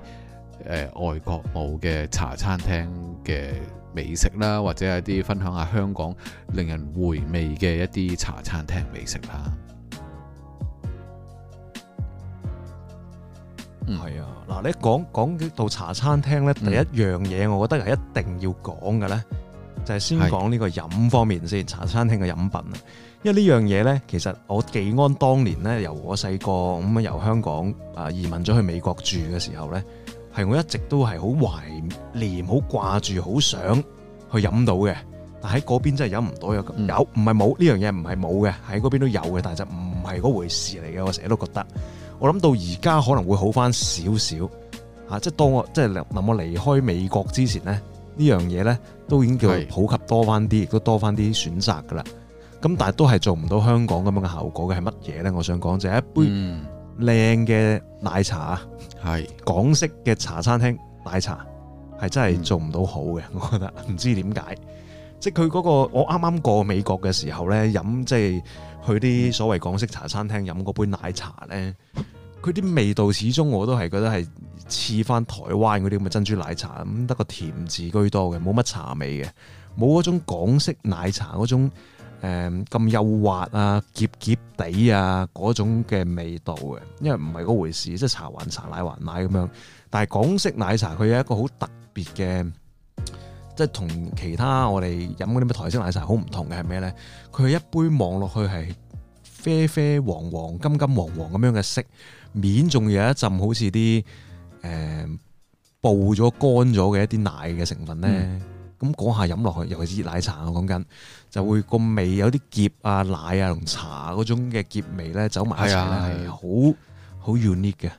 誒外國冇嘅茶餐廳嘅美食啦，或者係一啲分享下香港令人回味嘅一啲茶餐廳美食啦。係啊，嗱，你講講到茶餐廳咧，第一樣嘢，我覺得係一定要講嘅咧，就係先講呢個飲方面先，茶餐廳嘅飲品啊。因為呢樣嘢呢，其實我技安當年呢，由我細個咁啊，由香港啊移民咗去美國住嘅時候呢，係我一直都係好懷念、好掛住、好想去飲到嘅。但喺嗰邊真係飲唔到有，唔係冇呢樣嘢唔係冇嘅，喺嗰邊都有嘅，但係就唔係嗰回事嚟嘅。我成日都覺得，我諗到而家可能會好翻少少吓，即係當我即係諗我離開美國之前呢，呢樣嘢呢，都已經叫普及多翻啲，亦都多翻啲選擇噶啦。咁但係都係做唔到香港咁樣嘅效果嘅係乜嘢呢？我想講就係、是、一杯靚嘅奶茶，係、嗯、港式嘅茶餐廳奶茶，係真係做唔到好嘅、嗯。我覺得唔知點解，即係佢嗰個我啱啱過美國嘅時候呢，飲即係去啲所謂港式茶餐廳飲嗰杯奶茶呢，佢啲味道始終我都係覺得係似翻台灣嗰啲咁嘅珍珠奶茶咁，得個甜字居多嘅，冇乜茶味嘅，冇嗰種港式奶茶嗰種。誒、嗯、咁幼滑啊、澀澀地啊嗰種嘅味道嘅，因為唔係嗰回事，即係茶還茶、奶還奶咁樣。但係港式奶茶佢有一個好特別嘅，即係同其他我哋飲嗰啲咩台式奶茶好唔同嘅係咩咧？佢一杯望落去係啡啡黃黃、金金黃黃咁樣嘅色，面仲有一陣好似啲誒煲咗乾咗嘅一啲奶嘅成分咧。嗯。咁講下飲落去，尤其是熱奶茶我講緊，就會個味有啲澀啊、奶啊同茶嗰種嘅澀味咧，走埋一齊咧，係好好 unique 嘅。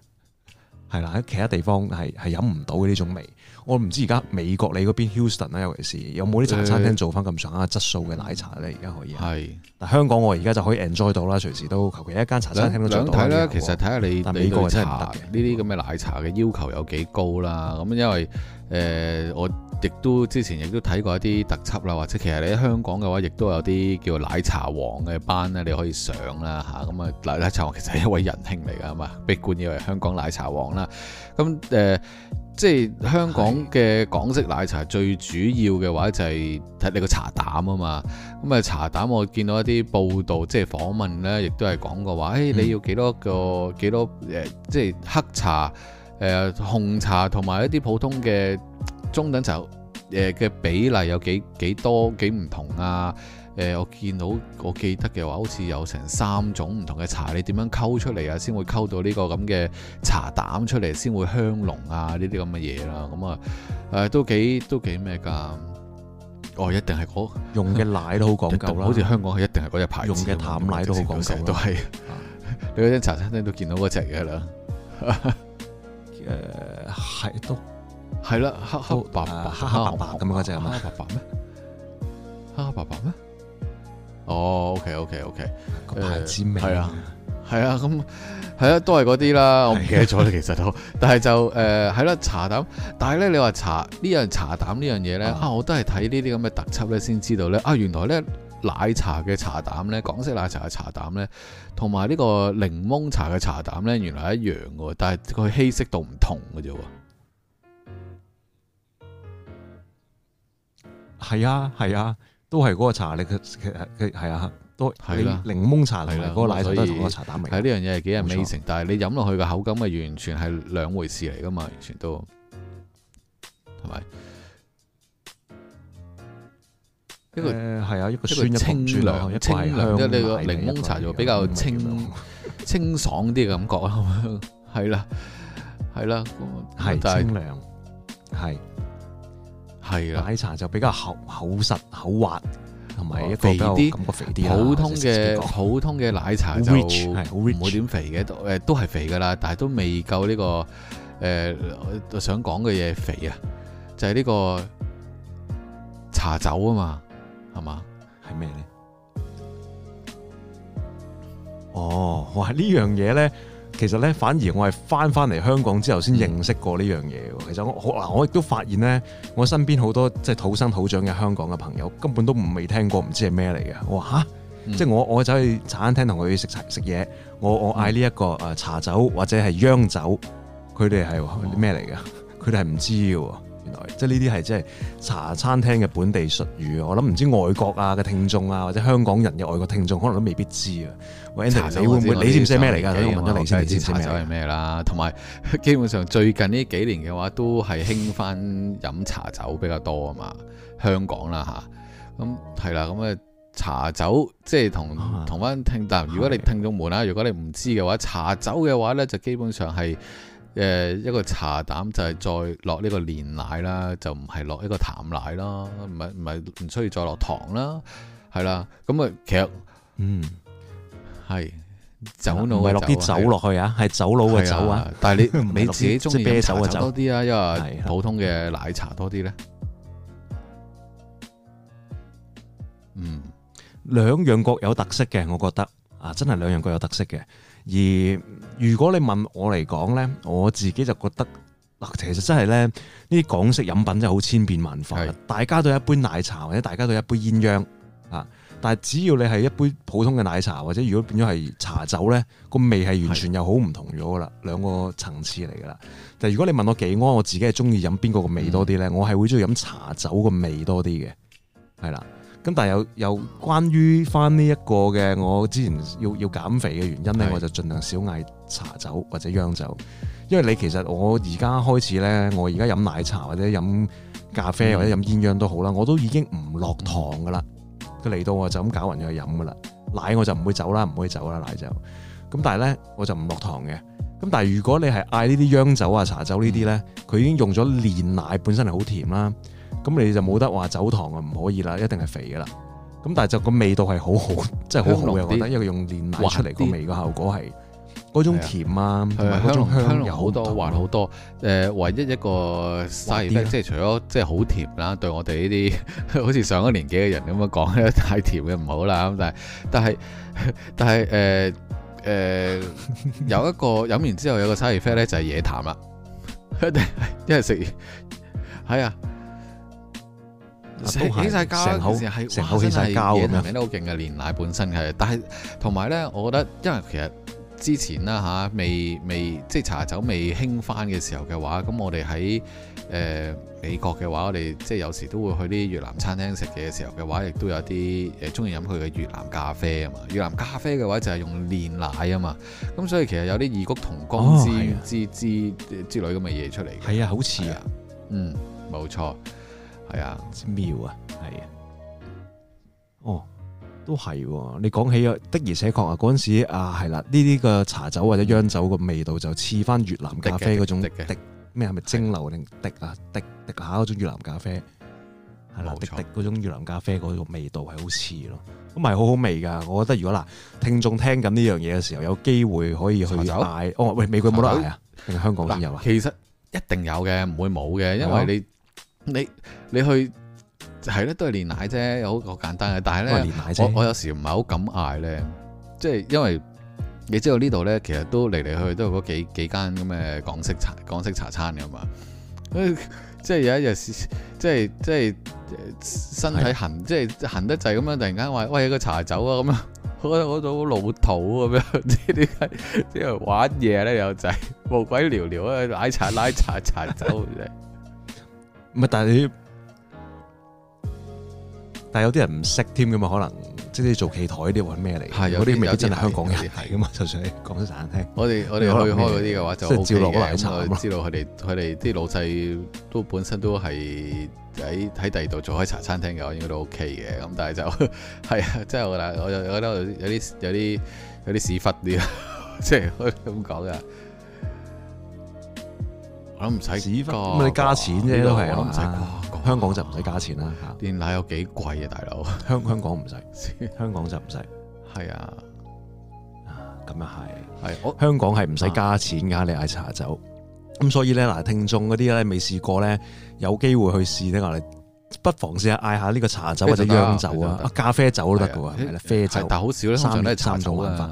係啦，喺其他地方係係飲唔到嘅呢種味。我唔知而家美國你嗰邊 Houston 咧，尤其是，Houston，尤其是有冇啲茶餐廳做翻咁上下質素嘅奶茶咧，而家可以。係，但香港我而家就可以 enjoy 到啦，隨時都求其一間茶餐廳都做到。其實睇下你美國真係唔得呢啲咁嘅奶茶嘅要求有幾高啦。咁、嗯、因為誒、呃、我。亦都之前亦都睇過一啲特輯啦，或者其實你喺香港嘅話，亦都有啲叫奶茶王嘅班咧，你可以上啦嚇。咁、嗯、啊，奶茶王其實係一位仁兄嚟噶嘛，被冠以為香港奶茶王啦。咁誒、呃，即係香港嘅港式奶茶最主要嘅話就係睇你個茶膽啊嘛。咁啊，茶膽我見到一啲報道，即係訪問咧，亦都係講過話，誒、欸、你要幾多個幾多誒、呃，即係黑茶、誒、呃、紅茶同埋一啲普通嘅。中等茶，誒嘅比例有幾幾多幾唔同啊？誒、呃，我見到我記得嘅話，好似有成三種唔同嘅茶，你點樣溝出嚟啊？先會溝到呢個咁嘅茶膽出嚟，先會香濃啊！呢啲咁嘅嘢啦，咁啊誒，都幾都幾咩㗎？哦，一定係嗰、那個、用嘅奶都好講究啦， 好似香港係一定係嗰隻牌子嘅淡奶都好講究，嗯、都係、啊、你嗰啲茶餐廳都見到嗰隻㗎啦。誒、 呃，係都。係啦，黑、oh, 黑白白，黑黑白白咁嘅即係咩？黑黑白白咩？黑黑白白咩？哦、oh,，OK OK OK，個茶之味係啊，係啊，咁係啦，都係嗰啲啦， 我唔記得咗啦，其實都，但係就誒，係、呃、啦、啊，茶膽，但係咧，你話茶，茶膽呢樣茶膽呢樣嘢咧，uh. 啊，我都係睇呢啲咁嘅特輯咧，先知道咧，啊，原來咧奶茶嘅茶膽咧，港式奶茶嘅茶膽咧，同埋呢個檸檬茶嘅茶膽咧，原來係一樣嘅，但係佢稀釋度唔同嘅啫。係啊，係啊，都係嗰個茶嚟嘅，其係啊，都係啦。檸、啊啊啊、檬茶同嗰個奶茶茶打名。睇呢樣嘢係幾人味成，但係你飲落去嘅口感咪完全係兩回事嚟噶嘛，完全都係咪？一個係、呃、啊，一個一,一個清涼一個清涼一呢個檸檬茶就比較清清爽啲嘅感覺啊，係啦、啊，係啦、啊，係、嗯就是、清涼，係。係啦，奶茶就比較厚、厚實、厚滑，同埋肥啲，感覺肥啲，普通嘅、這個、普通嘅奶茶就唔會點肥嘅，誒都係肥噶啦，但係都未夠呢、這個誒、呃、想講嘅嘢肥啊！就係、是、呢個茶酒啊嘛，係嘛？係咩咧？哦，哇！這個、呢樣嘢咧～其實咧，反而我係翻翻嚟香港之後先認識過呢樣嘢。嗯、其實我好嗱，我亦都發現咧，我身邊好多即係土生土長嘅香港嘅朋友根本都唔未聽過，唔知係咩嚟嘅。我話嚇，嗯、即係我我走去茶餐廳同佢食茶食嘢，我我嗌呢一個誒、嗯啊、茶酒或者係釀酒，佢哋係咩嚟嘅？佢哋係唔知嘅。原來即係呢啲係即係茶餐廳嘅本地術語，我諗唔知外國啊嘅聽眾啊，或者香港人嘅外國嘅聽眾，可能都未必知啊。喂 Andy 你會唔會你知唔知咩嚟㗎？啲人問得嚟先知，唔知道茶酒係咩啦？同埋基本上最近呢幾年嘅話，都係興翻飲茶酒比較多啊嘛。香港啦吓，咁係啦，咁、嗯、啊茶酒即係同同翻聽，但如果你聽眾們啊，如果你唔知嘅話，茶酒嘅話咧，就基本上係。誒一個茶膽就係再落呢個煉奶啦，就唔係落一個淡奶啦，唔係唔係唔需要再落糖啦，係啦。咁啊，其實嗯係酒腦嘅酒，唔係落啲酒落去啊，係酒佬嘅酒啊。但係你你自己中意、啊就係、啤酒嘅酒多啲啊，一係普通嘅奶茶多啲咧。嗯，兩樣各有特色嘅，我覺得啊，真係兩樣各有特色嘅，而。如果你問我嚟講呢，我自己就覺得嗱，其實真係咧，呢啲港式飲品真係好千變萬化。大家都有一杯奶茶，或者大家都有一杯鴛鴦啊。但係只要你係一杯普通嘅奶茶，或者如果變咗係茶酒呢，個味係完全又好唔同咗噶啦，兩個層次嚟噶啦。但如果你問我技安，我自己係中意飲邊個個味多啲呢，嗯？我係會中意飲茶酒個味多啲嘅，係啦。咁但係有有關於翻呢一個嘅，我之前要要減肥嘅原因咧，我就盡量少嗌茶走或者鴦走，因為你其實我而家開始咧，我而家飲奶茶或者飲咖啡或者飲鴛鴦都好啦，我都已經唔落糖噶啦。佢嚟到我就咁攪勻咗去飲噶啦，奶我就唔會走啦，唔會走啦奶就。咁但係咧我就唔落糖嘅。咁但係如果你係嗌呢啲鴦走啊茶走呢啲咧，佢已經用咗煉奶本身係好甜啦。咁你就冇得話走糖啊，唔可以啦，一定係肥噶啦。咁但係就個味道係好好，即係好好嘅。我覺得因為用煉奶出嚟個味個效果係嗰種甜啊，啊有嗰種香香好多，滑好多。誒、嗯，唯一一個 side effect 即係除咗即係好甜啦，對我哋呢啲好似上咗年紀嘅人咁樣講呢，太甜嘅唔好啦。咁但係但係但係誒誒有一個飲完之後有一個 side effect 咧就係、是、惹痰啦，一定係因為食完係啊！成起晒膠啦！成口成口起曬膠咁都好勁嘅煉奶本身係，但係同埋咧，我覺得因為其實之前啦嚇、啊，未未即係茶酒未興翻嘅時候嘅話，咁我哋喺誒美國嘅話，我哋即係有時都會去啲越南餐廳食嘢嘅時候嘅話，亦都有啲誒中意飲佢嘅越南咖啡啊嘛。越南咖啡嘅話就係用煉奶啊嘛，咁所以其實有啲異曲同工之之之、哦啊、之類咁嘅嘢出嚟。係啊，好似啊，啊，嗯，冇錯。係啊，妙啊，係啊，哦，都係、啊。你講起啊，的而且確啊，嗰陣時啊，係啦，呢啲個茶走或者鴦走個味道就似翻越南咖啡嗰種滴咩，係咪蒸餾定、啊、滴啊滴滴下嗰種越南咖啡，係啦、啊、滴滴嗰種越南咖啡嗰個味道係好似咯，咁係好好味噶。我覺得如果嗱聽眾聽緊呢樣嘢嘅時候，有機會可以去買。哦喂，美國冇得買啊？定係香港先有啊？其實一定有嘅，唔會冇嘅，因為你。你你去係咧都係煉奶啫，好好簡單嘅。但係咧，煉奶，我有時唔係好敢嗌咧，即係因為你知道呢度咧，其實都嚟嚟去去都有嗰幾幾間咁嘅港式茶港式茶餐噶嘛。誒，即係有一日，即係即係身體痕，即係痕得滯咁樣，突然間話喂有個茶走啊咁樣，我覺得嗰度好老土咁樣，即係玩嘢咧有就係冇鬼聊聊啊，奶、 就是、茶奶茶茶走。 但係啲，但係有啲人唔識添㗎嘛？可能即係做企台啲揾咩嚟？係、嗯、有啲未必真係香港人係㗎嘛？就算你講散廳，我哋我哋可以開嗰啲嘅話就照落個名，知道佢哋佢哋啲老細都本身都係喺喺第二度做開茶餐廳嘅話，應該都 OK 嘅。咁、嗯、但係就係啊，即係我嗱，覺得有啲有啲有啲屎忽啲啊，即 係可以咁講嘅。咁唔使，咁咪加錢啫都係。唔、啊、使、啊啊啊啊、香港就唔使加錢啦。電奶有幾貴啊，大佬？香香港唔使，香港，唔使 香港就唔使。係啊，咁又係，係香港係唔使加錢噶、啊，你嗌茶酒。咁、啊、所以咧，嗱，聽眾嗰啲咧未試過咧，有機會去試咧，我哋不妨試下嗌下呢個茶酒或者釀酒，酒啊，啊，咖啡酒都得噶喎，啡酒。但好少咧，三種玩法。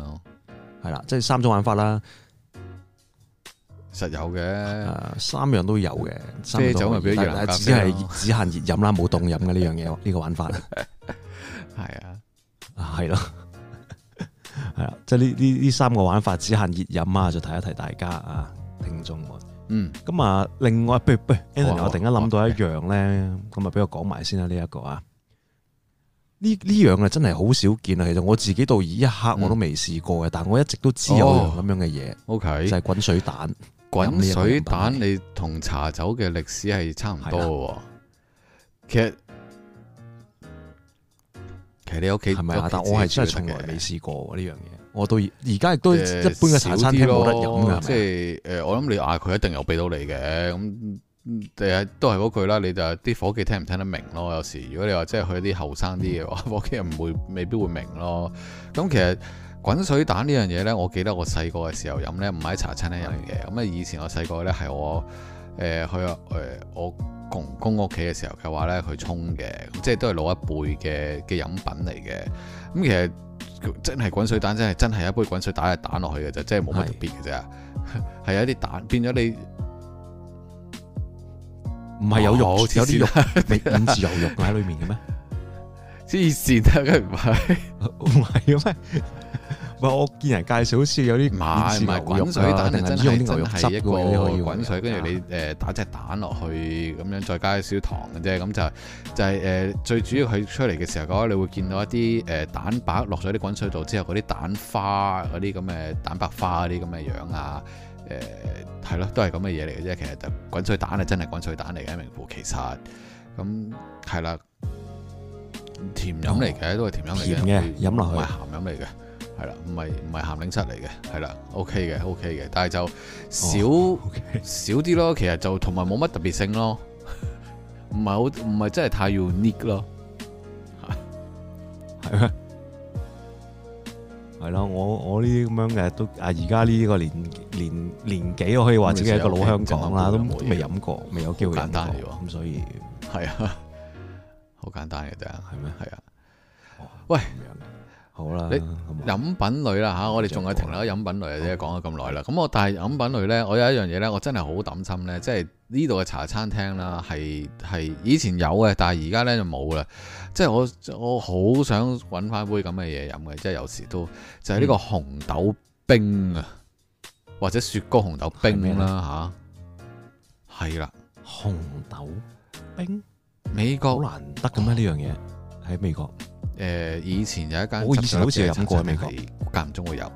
係啦、啊啊，即係三種玩法啦。實有嘅、啊，三樣都有嘅，啤酒咪一人，自己係只限熱飲啦，冇凍飲嘅呢樣嘢，呢 個玩法係啊，係 咯 對了，係 啦，即係呢呢呢三個玩法只限熱飲啊，就提一提大家啊，聽眾們，咁、嗯、啊，另外，不不、Anthony、哦、我突然間諗到一樣咧，咁、哦、啊，俾、哦、我講埋先啦，呢一個啊，呢呢樣啊，真係好少見啊，其實我自己到而一刻我都未試過嘅、嗯，但我一直都知有咁樣嘅嘢、哦、，OK，就係、是、滾水蛋。滾水蛋你同茶酒嘅歷史係差唔多嘅、啊，其實其實你屋企係咪啊？但係我係真係從來未試過呢樣嘢。我到而家亦都一般嘅茶餐廳冇得飲吧即係誒、呃，我諗你嗌佢一定有俾到你嘅。咁第日都係嗰句啦，你就啲伙計聽唔聽得明咯？有時如果你話即係去啲後生啲嘅話，嗯、 伙計又唔會未必會明咯。咁其實。嗯滾水蛋呢樣嘢咧，我記得我細個嘅時候飲咧，唔係喺茶餐廳飲嘅。咁啊，以前我細個咧係我誒、呃、去啊誒、呃、我公公屋企嘅時候嘅話咧去沖嘅，即係都係老一輩嘅嘅飲品嚟嘅。咁其實真係滾水蛋，真係真係一杯滾水蛋係 蛋落去嘅就真係冇乜特別嘅啫，係有啲蛋變咗你唔係有肉，好、哦、似，有啲肉，你五住有肉喺裡面嘅咩？黐線啊，唔係唔係咩？ 我見人介紹好似有啲馬唔係滾水蛋定係真係一個可滾水，跟住你誒、啊呃、打隻蛋落去咁樣，再加少糖嘅啫，咁就就係、是、誒、呃、最主要佢出嚟嘅時候嗰，你會見到一啲誒蛋白落咗啲滾水度之後，嗰啲蛋花嗰啲咁嘅蛋白花嗰啲咁嘅樣啊，誒係咯，都係咁嘅嘢嚟嘅啫。其實就滾水蛋係真係滾水蛋嚟嘅，名副其實。咁係啦，甜飲嚟嘅都係甜飲嚟嘅，飲落去唔係鹹飲嚟嘅。係啦，唔係唔係鹹檸七嚟嘅係啦，OK 嘅，OK 嘅，但係就少、oh, okay. 少啲咯，其實就同埋冇乜特別性咯，唔係好，唔係真係太 unique 咯，係係咩？係啦，我我呢啲咁樣嘅都啊，而家呢個年年年紀我可以話自己係一個老香港啦、嗯，都未飲過，未有機會飲過，咁所以係啊，好簡單嘅啫，係咩？係啊，喂。好啦，飲品類啦吓，我哋仲係停留喺飲品類，已經講咗咁耐啦。咁我但係飲品類咧，我有一樣嘢咧，我真係好擔心咧，即係呢度嘅茶餐廳啦，係係以前有嘅，但係而家咧就冇啦。即係我我好想揾翻杯咁嘅嘢飲嘅，即係有時都就係、是、呢個紅豆冰啊、嗯，或者雪糕紅豆冰啦吓，係啦、啊，紅豆冰，美國難得噉樣呢樣嘢喺美國？誒以前有一間，我以前好似有飲過，未記，間唔中會有，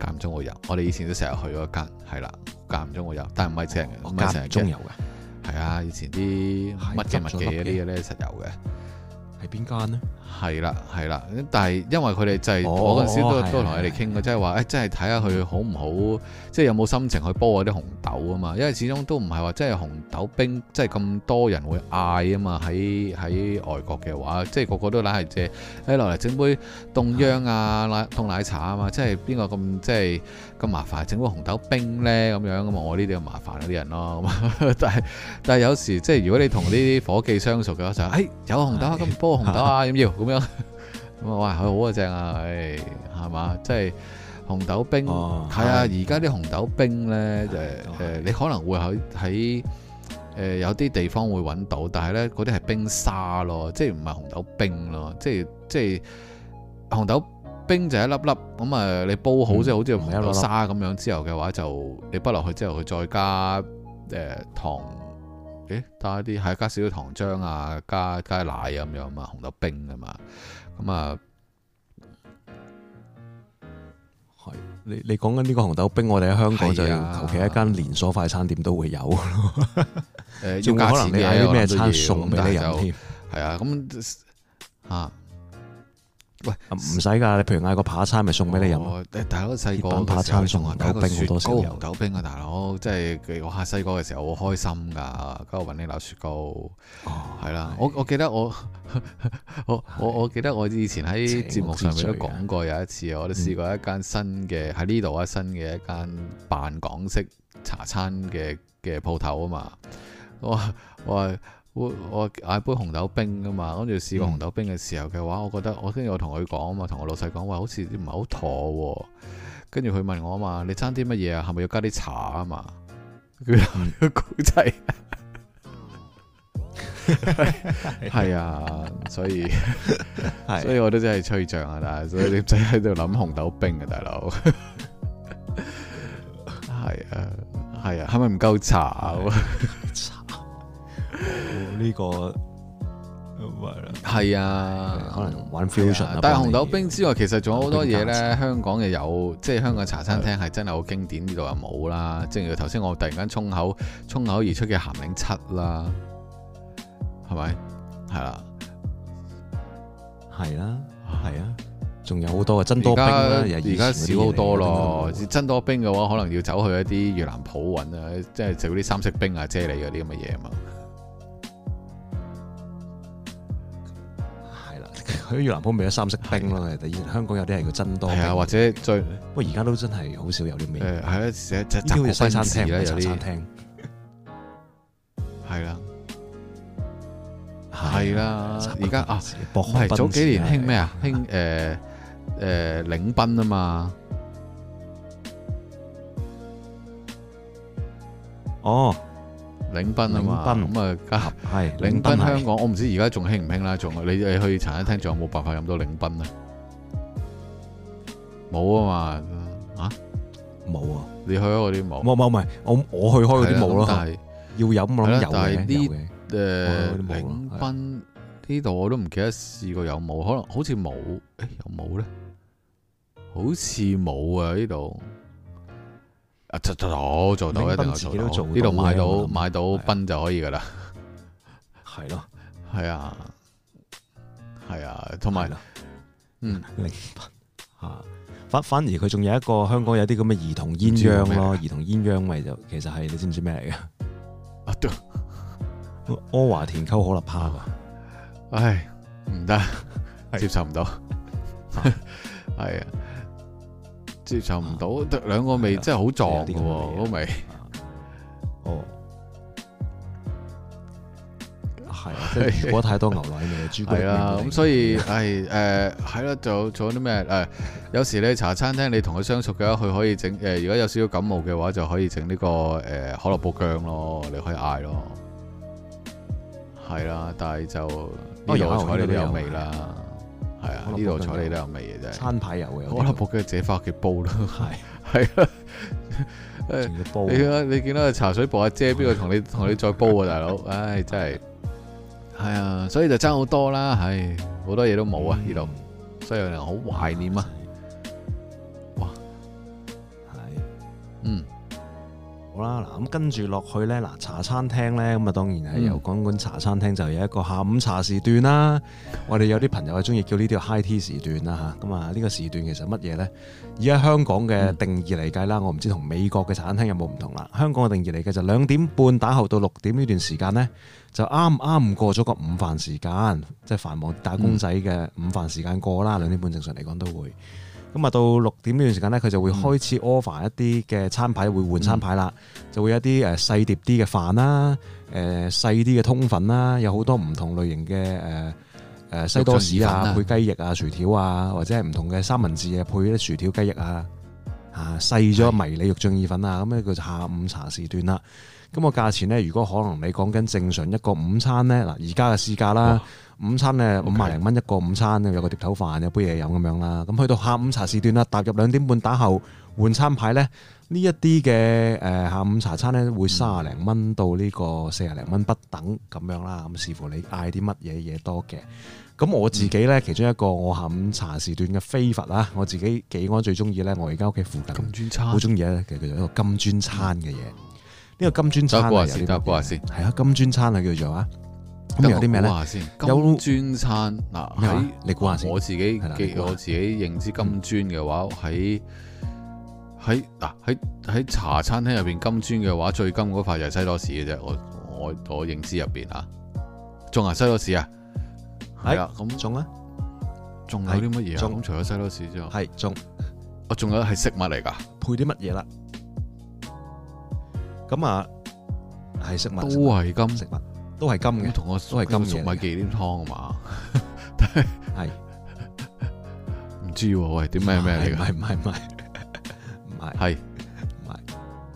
間唔中會有。我哋以前都成日去嗰間，係啦，間唔中會有，但係唔係正嘅，唔係成日有嘅。係啊，以前啲乜嘅物記嗰啲嘢咧，實有嘅。係邊間咧？係啦，係啦，但係因為佢哋就係、是哦、我嗰陣時都都同佢哋傾嘅，即係話誒，即係睇下佢好唔好，即係有冇心情去煲嗰啲紅豆啊嘛，因為始終都唔係話即係紅豆冰，即係咁多人會嗌啊嘛，喺喺外國嘅話，即係個個都攬係借，誒落嚟整杯凍鴦啊，奶凍奶茶啊嘛，即係邊個咁即係。就是咁麻煩，整個紅豆冰咧，咁樣，咁我呢啲就麻煩嗰啲人咯。但係，但係有時即係如果你同啲伙計相熟嘅話就，哎有紅豆啊，咁煲紅豆啊，要唔要？咁樣咁啊！哇，佢好啊，正啊！誒係嘛？即係、就是、紅豆冰，係啊！而家啲紅豆冰咧，誒誒、就是，你可能會喺喺誒有啲地方會揾到，但係咧嗰啲係冰沙咯，即係唔係紅豆冰咯？即係即係紅豆冰。冰就一粒粒，咁啊，你煲好即係好似紅豆沙咁樣之後嘅話就，就你滗落去之後，佢再加誒、呃、糖，誒加啲係加少少糖漿啊，加加奶咁樣啊嘛，紅豆冰啊嘛，咁啊係你你講緊呢個紅豆冰，我哋喺香港就求其一間連鎖快餐店都會有，要、啊、 可能你啲咩餐送俾人添，係、嗯、啊咁吓。喂，唔使噶，你譬如嗌個扒餐，咪送俾你飲咯、哦啊。大佬細個扒餐送紅豆冰，好多雪糕，紅豆冰啊，大佬，即、哦、係我下細個嘅時候好開心噶，嗰個雲呢拿雪糕，係啦。我我記得我我我記得我以前喺節目上面都講過有一次，我都試過一間新嘅喺呢度啊，嗯、新嘅一間扮港式茶餐嘅嘅鋪頭啊嘛，我哇！我我我嗌杯紅豆冰啊嘛，跟住試過紅豆冰嘅時候嘅話，我覺得我跟住我同佢講啊嘛，同我老細講，喂，好似啲唔係好妥喎，啊。跟住佢問我啊嘛，你爭啲乜嘢啊？係咪要加啲茶啊嘛？佢古仔，係 啊，所以，所以我都真係吹脹啊，但係所以你唔使喺度諗紅豆冰啊，大佬。係 啊，係啊，係咪唔夠茶啊？ 呢、個係啦，係啊，可能玩 fusion 啦。但係紅豆冰之外，其實仲有好多嘢咧。香港嘅有，即係香港茶餐廳係真係好經典。呢度又冇啦。正如頭先，我突然間衝口衝口而出嘅鹹檸七啦，係咪？係啦，係啦，係啊，仲有好多啊。珍多冰，而家少好多咯。珍多冰嘅話，可能要走去一啲越南鋪揾啊，即係做啲三色冰啊、啫喱嗰啲咁嘅嘢啊嘛。佢越南鋪未得三色冰咯，係第、啊、香港有啲係叫真多冰、啊，或者再，不過而家都真係好少有啲味。誒、呃、係啊，成日即係啲西餐廳唔係茶餐廳。係啦，係啦，而家啊，唔係早幾年興咩啊？興誒誒領賓啊嘛。哦。檸賓啊嘛，咁啊加合。檸賓香港，我唔知而家仲興唔興啦。仲你你去茶餐廳仲有冇辦法飲到檸賓咧？冇啊嘛，啊冇啊，你去開嗰啲冇。冇冇咪，我我去開嗰啲冇咯。但係要飲冇得飲嘅。誒，檸賓呢度我都唔記得試過有冇，可能好似冇。誒、欸，有冇咧？好似冇啊！呢度。做到做到一定要做到，呢度買到買到賓就可以噶啦。係咯，係啊，係啊，同埋、啊啊，嗯，零品反反而佢仲有一個香港有啲咁嘅兒童鴛鴦咯，兒童鴛鴦咪就其實係你知唔知咩嚟嘅？阿德？阿華田溝可，可立泡，唉，唔得，接受唔到，係啊。唉接受唔到，得兩個味、啊、真係好撞嘅喎，嗰味。哦、啊，係、oh. 啊，如果太多牛奶味，豬骨味。係啊，咁所以，唉、 哎，誒、哎，係、哎、咯、哎哎，做做啲咩？誒、哎，有時你去茶餐廳，你同佢相熟嘅話，佢可以整誒、哎，如果有少少感冒嘅話，就可以整呢、這個誒、哎、可樂煲薑咯，你可以嗌咯。係啦，但係就，我有彩你都有味啦、啊。嗯。係啊，呢度坐你都有味嘅、啊、啫。餐牌有嘅、這個，我諗梗係自己翻屋企煲咯、啊啊。係 係啊，啊，你看你看見到茶水部阿、啊、姐，邊個同你同 你再煲啊，大佬？唉、哎，真係係啊，啊，所以就爭好多啦。唉，好多嘢都冇啊，呢度、啊啊，所以好懷念啊，啊、就是、啊。哇，係，嗯。好啦，嗱咁跟住落去呢，嗱茶餐廳呢，咁啊當然係由講講茶餐廳就有一個下午茶時段啦、嗯。我哋有啲朋友係中意叫呢啲 high tea 時段啦嚇。咁啊呢個時段其實乜嘢呢？而家香港嘅定義嚟計啦，我唔知同美國嘅茶餐廳有冇唔同啦。香港嘅定義嚟計就兩點半打後到六點呢段時間呢，就啱啱過咗個午飯時間，即係繁忙打工仔嘅午飯時間過啦、嗯。兩點半正常嚟講都會。咁啊，到六點呢段時間咧，佢就會開始 offer 一啲嘅餐牌、嗯，會換餐牌啦、嗯，就會有一啲誒、呃、細碟啲嘅飯啦，誒細啲嘅通粉啦，有好多唔同類型嘅誒誒西多士啊，配雞翼啊，薯條啊，或者係唔同嘅三文治啊，配啲薯條雞翼啊，嚇、啊、細咗迷你肉醬意粉啊，咁咧叫下午茶時段啦。咁個價錢呢，如果可能，你講緊正常一個午餐呢，嗱，而家嘅市價啦，午餐呢，五十零蚊一個午餐，okay。有個碟頭飯，有杯嘢飲咁樣啦。咁去到下午茶時段啦，踏入兩點半打後換餐牌呢，呢一啲嘅誒下午茶餐呢，會三十零蚊到呢個四十零蚊不等咁樣啦。咁視乎你嗌啲乜嘢嘢多嘅。咁我自己呢，其中一個我下午茶時段嘅飛佛啦，我自己技安最中意呢，我而家屋企附近好中意其實就叫做一個金磚餐嘅嘢。呢個金磚餐啊，有啲咩？估下先，係啊，金磚餐啊，叫做啊。咁有啲咩咧？有金磚餐，嗱喺你估下先。我自己記，我自己認知金磚嘅話，喺喺嗱喺喺茶餐廳入邊金磚嘅話，最金嗰塊就係西多士嘅啫。我我我認知入邊啊，仲啊西多士啊，係啊，咁仲啊，仲有啲乜嘢啊？咁除咗西多士之外，係仲我仲有係食物嚟噶，配啲乜嘢啦？咁啊，係食物都係金食物，都係金同個都係金唔係忌廉湯啊嘛，係，唔知喂，點咩咩嚟噶？唔係唔係唔係，唔係係唔係，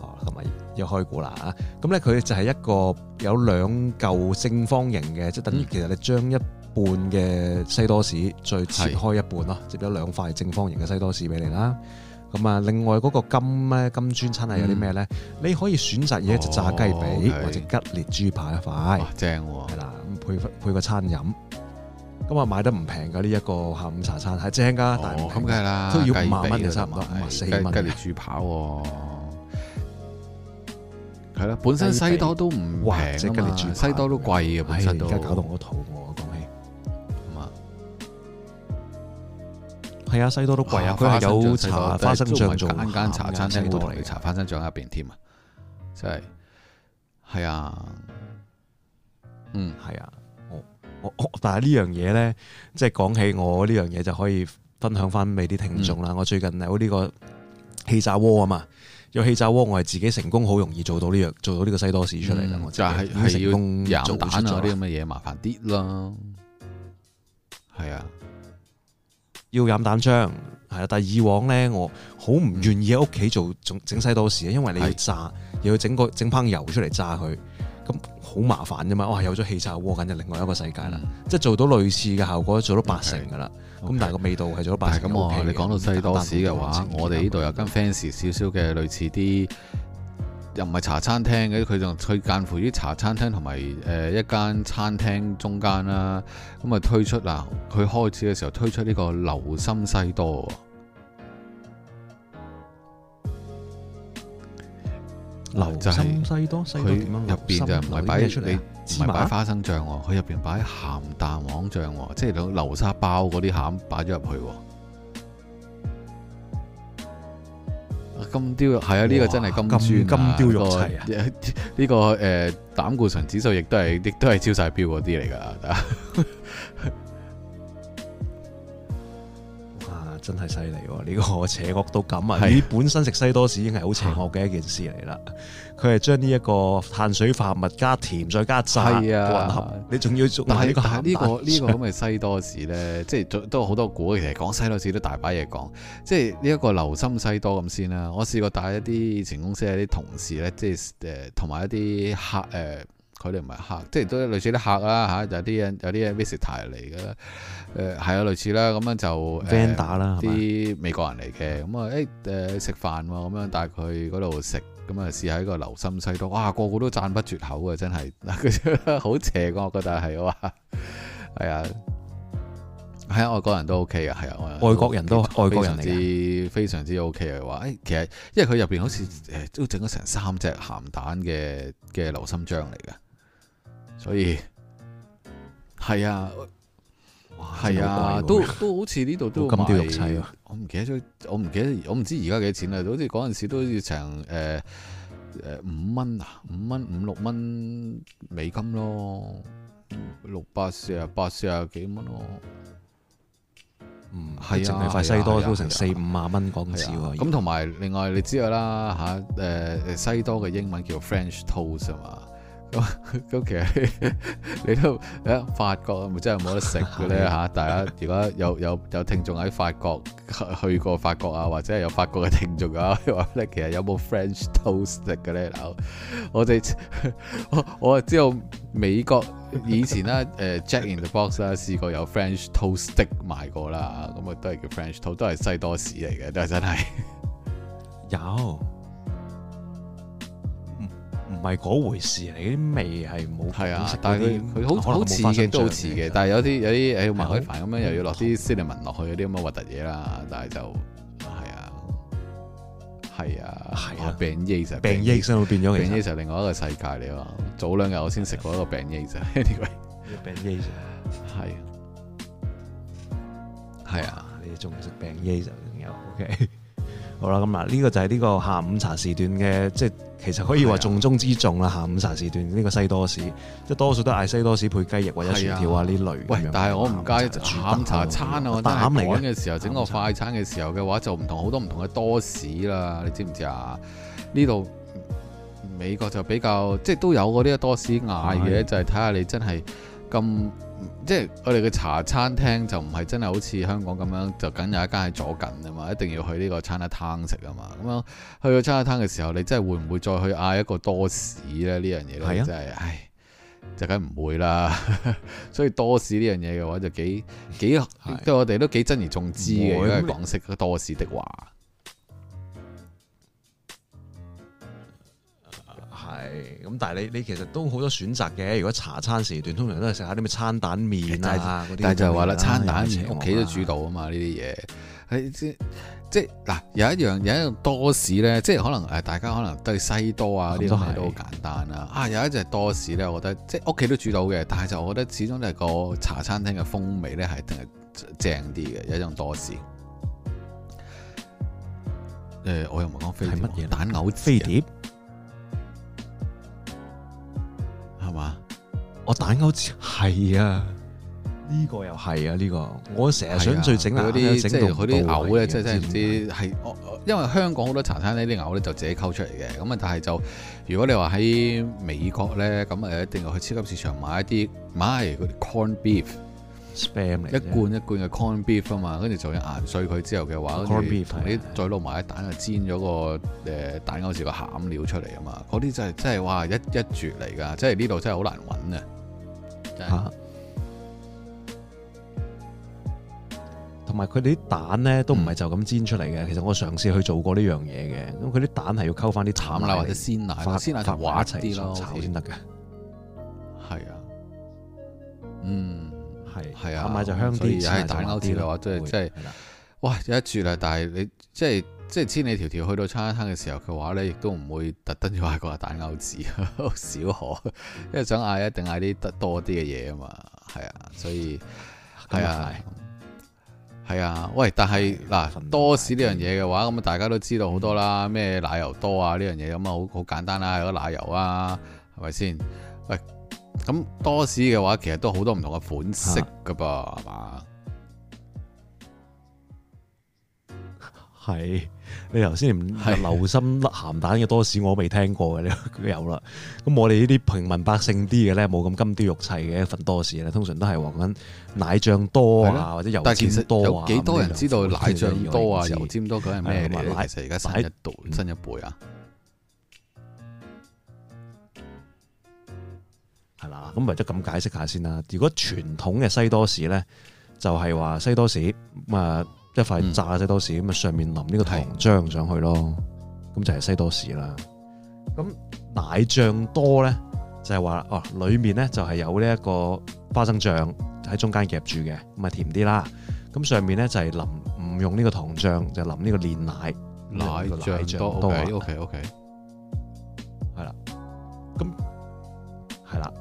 哦，同埋又開估啦啊！咁咧，佢就係一個有兩嚿正方形嘅，即係等於其實你將一半嘅西多士再切開一半咯，切咗兩塊正方形嘅西多士俾你啦。咁啊，另外嗰個金咧，金磚餐係有啲咩咧？嗯、你可以選擇嘢一隻炸雞髀、哦、或者吉列豬扒一塊，正喎、啊，係啦，咁配配個餐飲。咁啊，買得唔平噶呢一個下午茶餐係正噶、哦，但係咁梗係啦，都要五萬蚊就差唔多，四萬吉列豬扒、啊。係啦，本身西多都唔吉列平，西多都貴嘅本身，而家搞到我肚餓。係啊，西多都貴啊，佢、啊、係有茶花生醬、嗯、做間茶餐廳都同你茶花生醬入邊添啊，即係係啊，嗯係啊，我我但係呢樣嘢咧，即係講起我呢樣嘢就可以分享翻俾啲聽眾啦、嗯。我最近有呢個氣炸鍋啊嘛，有氣炸鍋我係自己成功好容易做到呢、這、樣、個、做到呢個西多士出嚟噶，嗯就是，我就係係要做蛋啊啲咁嘅嘢麻煩啲啦，係啊。要飲蛋漿，係啊！但係以往咧，我好唔願意喺屋企做整西多士啊，因為你要炸，又要整個整烹油出嚟炸佢，咁好麻煩啫嘛。哇！有咗氣炸鍋緊就另外一個世界啦，嗯、即係做到類似嘅效果，做到八成噶啦。咁、okay, okay, 但係個味道係做到八成、OK。咁我、啊、你講到西多士嘅話,話，我哋呢度有間 fans 少少嘅類似啲。又唔係茶餐廳嘅，佢仲佢介乎於茶餐廳同埋誒一間餐廳中間啦。咁啊推出啊，佢開始嘅時候推出呢個流心西多。流心西多，佢入邊就唔係擺你，唔係擺花生醬喎，佢入邊擺鹹蛋黃醬喎，即係流沙包嗰啲餡擺咗入去喎。金雕係啊，呢個真係金雕。磚啊，呢、這個誒、這個這個這個呃、膽固醇指數亦都係，亦都係超晒標嗰啲嚟噶。哦 真係犀利喎！呢、呢個邪惡到咁啊！你本身食西多士已經係好邪惡嘅一件事嚟啦，佢係、啊、將呢一個碳水化物加甜再加劑混、啊、你仲要仲帶呢個呢、呢個咁嘅、呢個呢個、西多士呢， 即係都好多股，其實講西多士都大把嘢講。即係呢一個流心西多咁先啦。我試過帶一啲以前公司一啲同事呢，即係同埋一啲客、呃佢哋唔係客，即係都類似啲客啦嚇，有啲人有啲嘢 visitor 嚟嘅，誒係啊類似啦，咁樣就 f 打啦，啲、呃、美國人嚟嘅，咁啊誒誒食飯喎，咁、嗯、樣帶佢嗰度食，咁啊試下個流心西多，哇個個都讚不絕口啊，真係好 邪惡，我覺得係話係啊，係、哎、啊、哎哎哎，外國人都 OK 啊，係、哎、啊，外國人都外國人之非常之非常 OK 嘅話，誒、哎、其實因為佢入邊好似、哎、都整咗成三隻鹹蛋嘅嘅流心醬嚟嘅。所以係啊，係啊，都都好似呢度都金雕玉砌咯。我唔記得咗，我唔記得，我唔知而家幾錢啦。好似嗰陣時都要成誒誒五蚊啊，五蚊五六蚊美金咯，六百四啊八四啊幾蚊咯。嗯，係啊，成塊西多都成四五啊蚊港紙喎。咁同埋另外你知啦嚇，誒西多嘅英文叫 French toast 啊嘛。咁咁，其實你都喺法國，咪真係冇得食嘅咧嚇！大家如果有有有聽眾喺法國去過法國啊，或者係有法國嘅聽眾啊，話咧其實有冇 French toast 食嘅咧？我我哋我我知我美國以前咧誒、 uh, Jack in the Box 啦，試過有 French toast stick 賣過啦，咁啊都係叫 French toast，都係西多士嚟嘅，都係真係有。唔係嗰回事，你啲味係冇。係啊，但係佢好好似嘅都好似嘅，但係有啲有啲誒麻油咁樣，又要落啲 cinnamon 落去嗰啲咁嘅核突嘢啦。但係就係啊，係啊，係啊，benji 就 benji 變咗嚟 benji 就另外一個世界你咯。早兩日我先食過一個 benji 咋，呢位 benji 就係係啊，你仲食 benji 就仲有 OK。 好啦，咁啊，呢個就係呢個下午茶時段嘅即係。就是其實可以話重中之重啦，下午茶時段呢個西多士，即係多數都嗌西多士配雞翼或者薯條啊、呢類。喂，但係我唔介意下午茶餐啊，我嚟嘅時候整個快餐嘅時候嘅話就唔同好多唔同嘅多士啦，你知唔知啊？呢度美國就比較即係都有嗰啲多士嗌嘅，就係睇下你真係咁。即係我哋嘅茶餐廳就唔係真係好似香港咁樣，就梗有一間係左近啊嘛，一定要去呢個 Chinatown 食啊嘛。咁樣去到 Chinatown 嘅時候，你真係會唔會再去嗌一個多士咧？呢樣嘢咧真係，唉，就梗唔會啦。 所以多士呢樣嘢嘅話就幾即、啊、對我哋都幾珍而重之嘅。因為廣式多士的話。係咁，但係你你其實都好多選擇嘅。如果茶餐時段，通常都係食下啲咩餐蛋麵啊啲。但係就係話啦、啊，餐蛋麵屋企都煮到啊嘛呢啲嘢。係即即嗱，有一樣有一樣多士咧，即係可能誒，大家可能對西多啊啲、嗯、都係都好簡單啦、嗯。啊，有一隻多士咧，我覺得即係屋企都煮到嘅，但係就我覺得始終都係個茶餐廳嘅風味咧係一定係正啲嘅，有一種多士。誒、呃，我又唔講飛碟蛋牛飛碟。我、哦、蛋勾翅係啊，呢、這個又係啊，呢、這個我成日想最整嗰啲，整係嗰啲牛咧，即係即係唔知係，因為香港好多茶餐廳啲牛咧就自己溝出嚟嘅，咁啊，但係就如果你話喺美國咧，咁啊一定要去超級市場買一啲，買嚟嗰啲 corn beef spam 嚟，一罐一罐嘅 corn beef 啊嘛，跟住再鹽碎佢之後嘅話 corn beef 同啲再攞埋啲蛋啊煎咗個誒蛋勾翅個餡料出嚟啊嘛，嗰啲就係真係哇一一絕嚟㗎，即係呢度真係好難揾啊！吓、啊，同埋佢哋啲蛋咧都唔係就咁煎出嚟嘅。嗯、其實我嘗試去做過呢樣嘢嘅，咁佢啲蛋係要溝翻啲淡奶或者鮮奶，鮮奶同埋一齊炒先得嘅。係啊，嗯，係係啊，淡奶就香啲、啊，所以係蛋撈啲嘅話都係即係，哇，有一注啦！但係你即係。就是即係千里迢迢去到餐餐嘅時候嘅話咧，亦都唔會特登要嗌個蛋牛治，呵呵小可，因為想嗌一定嗌啲得多啲嘅嘢啊嘛，係啊，所以係啊，係啊，啊，喂，但係嗱多士呢樣嘢嘅話，咁啊大家都知道好多啦，咩、嗯、奶油多啊呢樣嘢，咁啊好好簡單啦、啊，有個奶油啊，係咪先？喂，咁多士嘅話，其實都好多唔同嘅款式噶噃，係、啊、嘛？係。你頭先流心鹹蛋嘅多士，我未聽過嘅，你 有啦。咁我哋呢啲平民百姓啲嘅咧，冇咁金雕玉砌嘅一份多士咧，通常都係話緊奶醬多啊，或者油尖多啊。但其實有幾多人知道奶醬多啊，油尖多佢係咩嘅？奶其實而家新一代，新一輩啊，係啦。咁為咗咁解釋下先啦。如果傳統嘅西多士咧，就係話西多士啊。嗯一塊炸西多士咁啊，嗯、上面淋呢個糖漿上去咯，咁就係西多士啦。咁奶醬多咧，就係、是、話哦，裏面咧就係、是、有呢一個花生醬喺中間夾住嘅，咪甜啲啦。咁上面咧就係、是、淋唔用呢個糖漿，就是、淋呢個煉奶奶醬多。O K O K，係啦，咁係啦，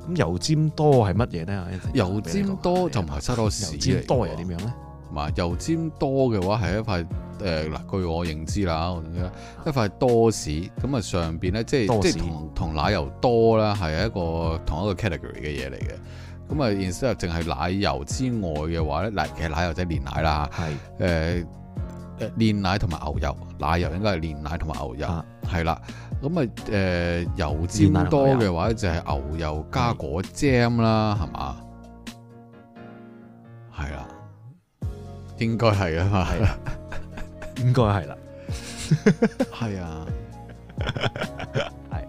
咁、okay, okay、油占多係乜嘢咧？油占多就唔係西多士，油占多又點樣咧？埋油占多嘅話係一塊誒嗱、呃，據我認知啦，一塊多士咁啊，上邊咧即係即係同同奶油多啦，係一個同一個 category 嘅嘢嚟嘅。咁、嗯、啊，然之後淨係奶油之外嘅話咧，嗱其實奶油即係煉奶啦，係誒誒煉奶同埋牛油，奶油應該係煉奶同埋牛油係、嗯、啦。咁啊誒油占多嘅話就係牛油加果占啦，係、嗯、嘛？應該係啊嘛，應該係啦，係 啊，係。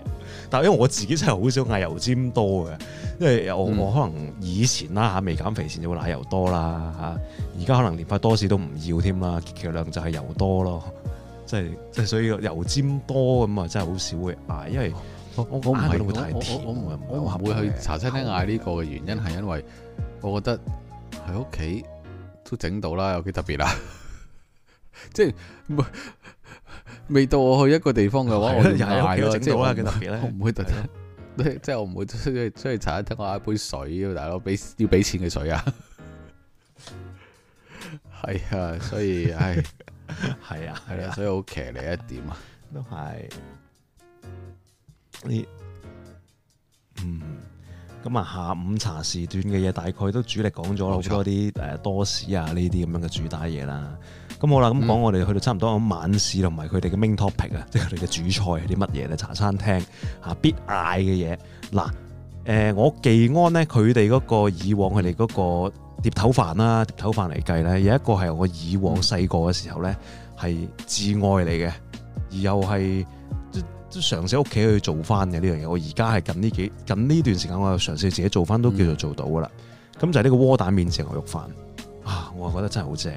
但係因為我自己真係好少嗌油尖多嘅，因為我可能以前啦嚇未減肥前就會奶油多啦嚇，而家可能連塊多士都唔要添啦，其量就係油多咯，即係即係所以油尖多咁啊真係好少嘅嗌，因為我唔係我我我唔會，會，會去茶餐廳嗌呢個嘅原因係因為我覺得喺屋企。都整到啦，有幾特別啦，啊！ 即係未到我去一個地方嘅話，我先嗌咯。即係幾特別咧？唔會特登，即係我唔會出去出去茶廳，我嗌杯水啊，大佬，俾要俾錢嘅水啊！係 啊， 所以係係啊，係啊， 所以好騎呢一點啊，都係你嗯。咁啊，下午茶時段嘅嘢，大概都主力講咗好多啲誒多士啊，呢啲咁樣嘅主打嘢啦。咁好啦，咁講我哋去到差唔多晚市，同埋佢哋嘅 main topic 啊，即係佢哋嘅主菜係啲乜嘢咧？茶餐廳嚇必嗌嘅嘢嗱，誒我技安咧，佢哋嗰個以往佢哋嗰個碟頭飯啦，碟頭飯嚟計咧，有一個係我以往細個嘅時候咧係至愛嚟嘅，而又係。都嘗試喺屋企去做翻嘅呢樣嘢，我而家係近呢幾近呢段時間，我又嘗試自己做翻，都叫做做到噶啦。咁、嗯、就係呢個窩蛋免治牛肉飯啊，我係覺得真係好正。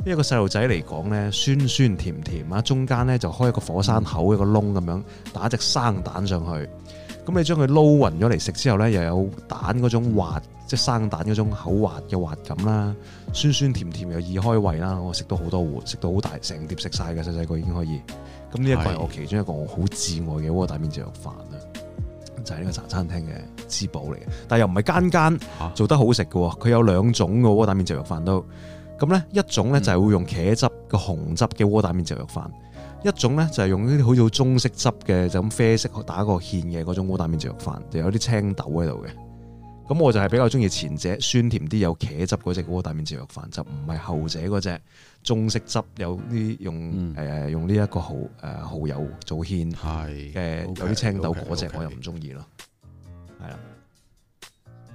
因、這、為個細路仔嚟講呢，酸酸甜甜啊，中間呢就開一個火山口一個窿咁樣，打隻生蛋上去。咁你將佢撈勻咗嚟食之後呢，又有蛋嗰種滑，即係生蛋嗰種口滑嘅滑感啦，酸酸甜甜又易開胃啦。我食到好多碗，食到好大成碟食晒嘅，細細個已經可以。咁呢一個係我其中一個我好摯愛嘅窩蛋免治肉飯啦，就係、是、呢個茶餐廳嘅滋補嚟嘅，但係又唔係間間做得好食嘅。佢有兩種嘅窩蛋免治肉飯都，咁咧一種咧就係會用茄汁嘅紅汁嘅窩蛋免治肉飯，嗯、一種咧就係用啲好似中式汁嘅就咁啡色打個芡嘅嗰種窩蛋免治肉飯，就有啲青豆喺度嘅。咁我就係比較中意前者酸甜啲有茄汁嗰隻窩蛋免治肉飯，就唔係後者嗰隻。中式汁有啲用誒、嗯呃、用呢一個蠔誒、呃、蠔油做芡，誒、okay, 有啲青豆嗰隻、okay, okay, okay. 我又唔中意咯，係啦。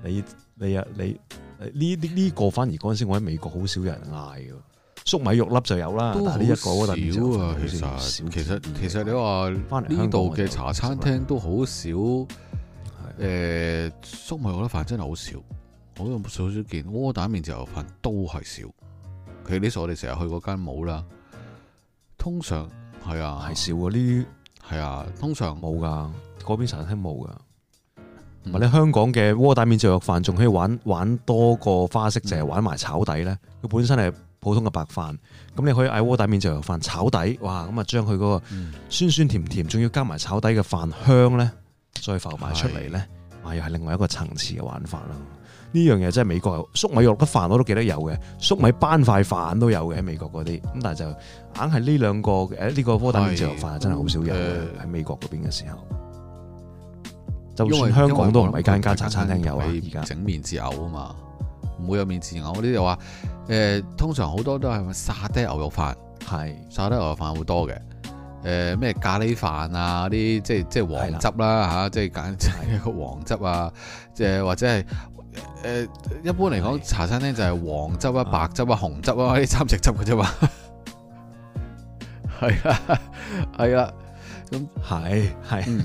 你你啊你呢呢、呢個反而嗰陣時我喺美國好少有人嗌嘅。粟米肉粒就有啦，好少啊。少少其實其實其實你話翻嚟香港嘅茶餐廳都好少，誒粟、呃、米肉粒飯真係好少，我都少少見。窩蛋麵豉油飯都係少。佢呢我哋成日去嗰間冇啦，通常係啊，少嗰啲係啊，通常冇噶，嗰邊實係冇噶。唔係你香港嘅窩底面醬油肉飯仲可以玩玩多個花式，就係、是、玩埋炒底咧。佢、嗯、本身係普通嘅白飯，咁你可以嗌窩底面醬油肉飯炒底，哇！咁啊將佢嗰個酸酸甜甜，仲要加埋炒底嘅飯香咧，再浮埋出嚟咧，啊又係另外一個層次嘅玩法咯。呢樣嘢真係美國有粟米肉粒飯我都記得有嘅，粟米斑塊飯都有嘅喺美國嗰啲，咁但係就硬係呢兩個誒呢、呢個窩蛋免治肉飯真係好少有喺、嗯、美國嗰邊嘅時候，就算香港都唔係間間茶餐廳有啊，而家整免治牛啊嘛，唔會有免治牛，啲就話誒、呃、通常好多都係沙爹牛肉飯，係沙爹牛肉飯好多嘅，誒、呃、咩咖喱飯啊啲即係即係黃汁啦嚇，即係揀一個黃汁啊，的啊即係、啊、或者係。誒，一般嚟講茶餐廳就係黃汁、汁啊、白汁啊、紅汁啊呢三隻汁嘅啫嘛，係啊，係啊，咁係係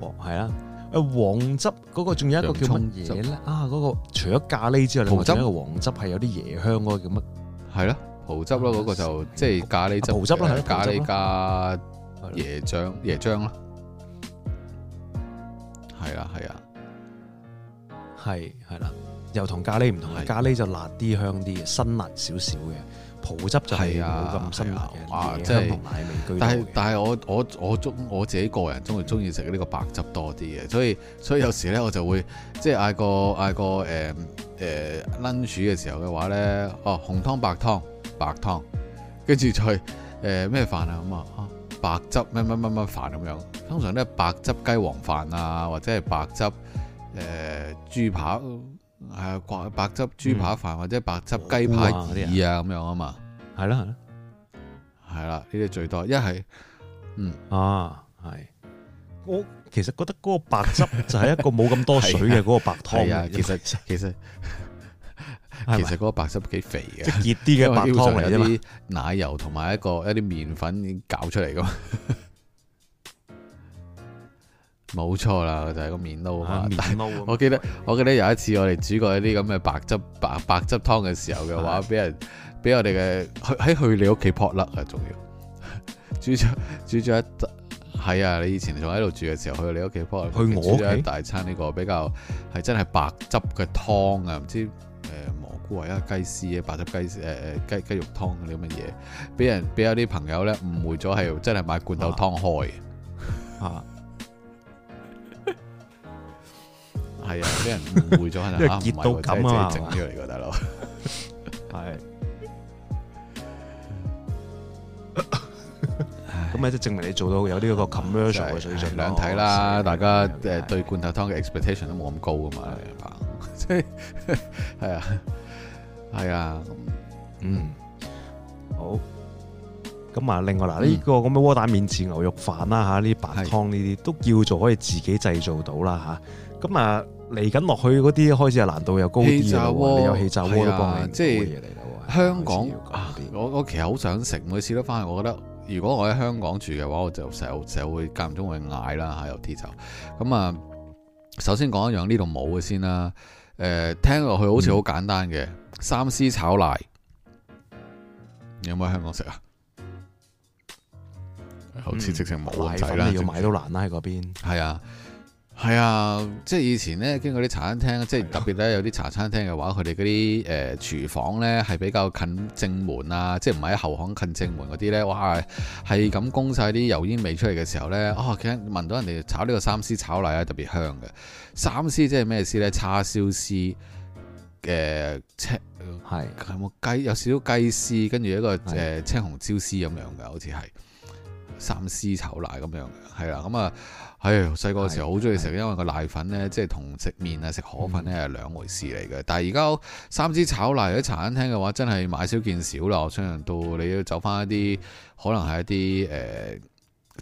黃係啦，誒、啊 啊、黃汁嗰個仲有一個叫乜嘢咧？啊、嗰個除咗咖喱之外，你仲有一個黃汁係有啲椰香嗰個叫乜？係咯、啊，葡汁咯、啊，嗰、嗰個就即係咖喱汁、啊，葡汁啦、啊，咖喱、啊啊啊啊、加椰漿椰漿啦，係啦係啊。係，係啦，又同咖喱唔同嘅，咖喱就辣啲、香啲，辛辣少少嘅，葡汁就係冇咁辛辣嘅，是是即係同奶味。但係但係我我我中我自己個人鍾意鍾意食呢個白汁多啲嘅，嗯、所以所以有時咧我就會即係嗌個嗌個誒誒 lunch 嘅時候嘅話咧，哦紅湯白湯白湯，跟住再誒咩、呃、飯啊咁啊，白汁咩咩咩咩飯咁、啊、樣，通常咧白汁雞皇飯啊，或者係白汁。誒、呃，豬扒係啊、呃，白汁豬扒飯、嗯、或者白汁雞排二、呃呃嗯、啊，咁樣啊嘛，係咯係咯，係啦，呢啲最多一係，嗯啊係，我其實覺得嗰個白汁 就係一個冇咁多水嘅嗰個白湯啊，其實其實其實嗰個白汁幾肥嘅，即係熱啲嘅白湯嚟啲奶油同埋一個 一啲麵粉搞出嚟噶 冇錯啦，就係、是、個麵撈啊！麵撈，我記得我記得有一次我哋煮過一啲咁嘅白汁白白汁湯嘅時候嘅話，俾人俾我哋嘅去喺去你屋企潑甩啊！仲要煮咗煮煮咗一係啊！你以前仲喺度住嘅時候去你屋企潑去我煮咗一大餐呢個比較係真係白汁嘅湯、呃、啊！唔知誒蘑菇啊雞絲啊白汁雞絲誒誒雞雞肉湯呢啲乜嘢，俾人俾有啲朋友咧誤會咗係真係買罐頭湯開啊！開係啊，俾人誤會咗，係啊，熱到咁啊，整出嚟嘅大佬，係。咁啊，是是 是 即係證明你做到有呢個 commercial 水準兩睇啦。大家誒對罐頭湯嘅 expectation 都冇咁高啊嘛，即係，係啊，係啊，嗯，好。咁啊，另外嗱，呢、這個咁嘅窩蛋麵豉牛肉飯啦，吓呢白湯呢啲都叫做可以自己製造到啦，吓咁啊。嚟緊落去嗰啲開始，又難度又高啲咯。氣炸鍋，你有氣炸鍋都幫你即係、啊就是、香港。啊、我我其實好想食，每次都翻去。我覺得如果我喺香港住嘅話，我就成日成日會間唔中會嗌啦嚇，有啲就咁啊。首先講一樣，呢度冇嘅先啦。誒，聽落去好似好簡單嘅、嗯、三絲炒奶，你有冇喺香港食啊？嗯、好似直情冇奶粉，你要買都難啦喺嗰邊。係啊。係啊，即係以前呢，經過啲茶餐廳，即係特別呢，有啲茶餐廳嘅話，佢哋嗰啲誒廚房呢，係比較近正門啊，即係唔係喺後巷近正門嗰啲呢。哇，係咁供晒啲油煙味出嚟嘅時候咧，啊，聞到人哋炒呢個三絲炒奶係特別香嘅。三絲即係咩絲呢？叉燒絲誒青，係有冇雞？有少少雞絲，跟住一個誒、呃、青紅椒絲咁樣嘅，好似係三絲炒奶咁樣嘅，係啦，咁啊。嗯係，細個嘅時候好中意食，因為個瀨粉呢，即係同食麵啊、食河粉呢係、嗯、兩回事嚟嘅。但係而家三枝炒瀨喺茶餐廳嘅話，真係買少見少啦。我相信到你要走翻一啲，可能係一啲誒、呃，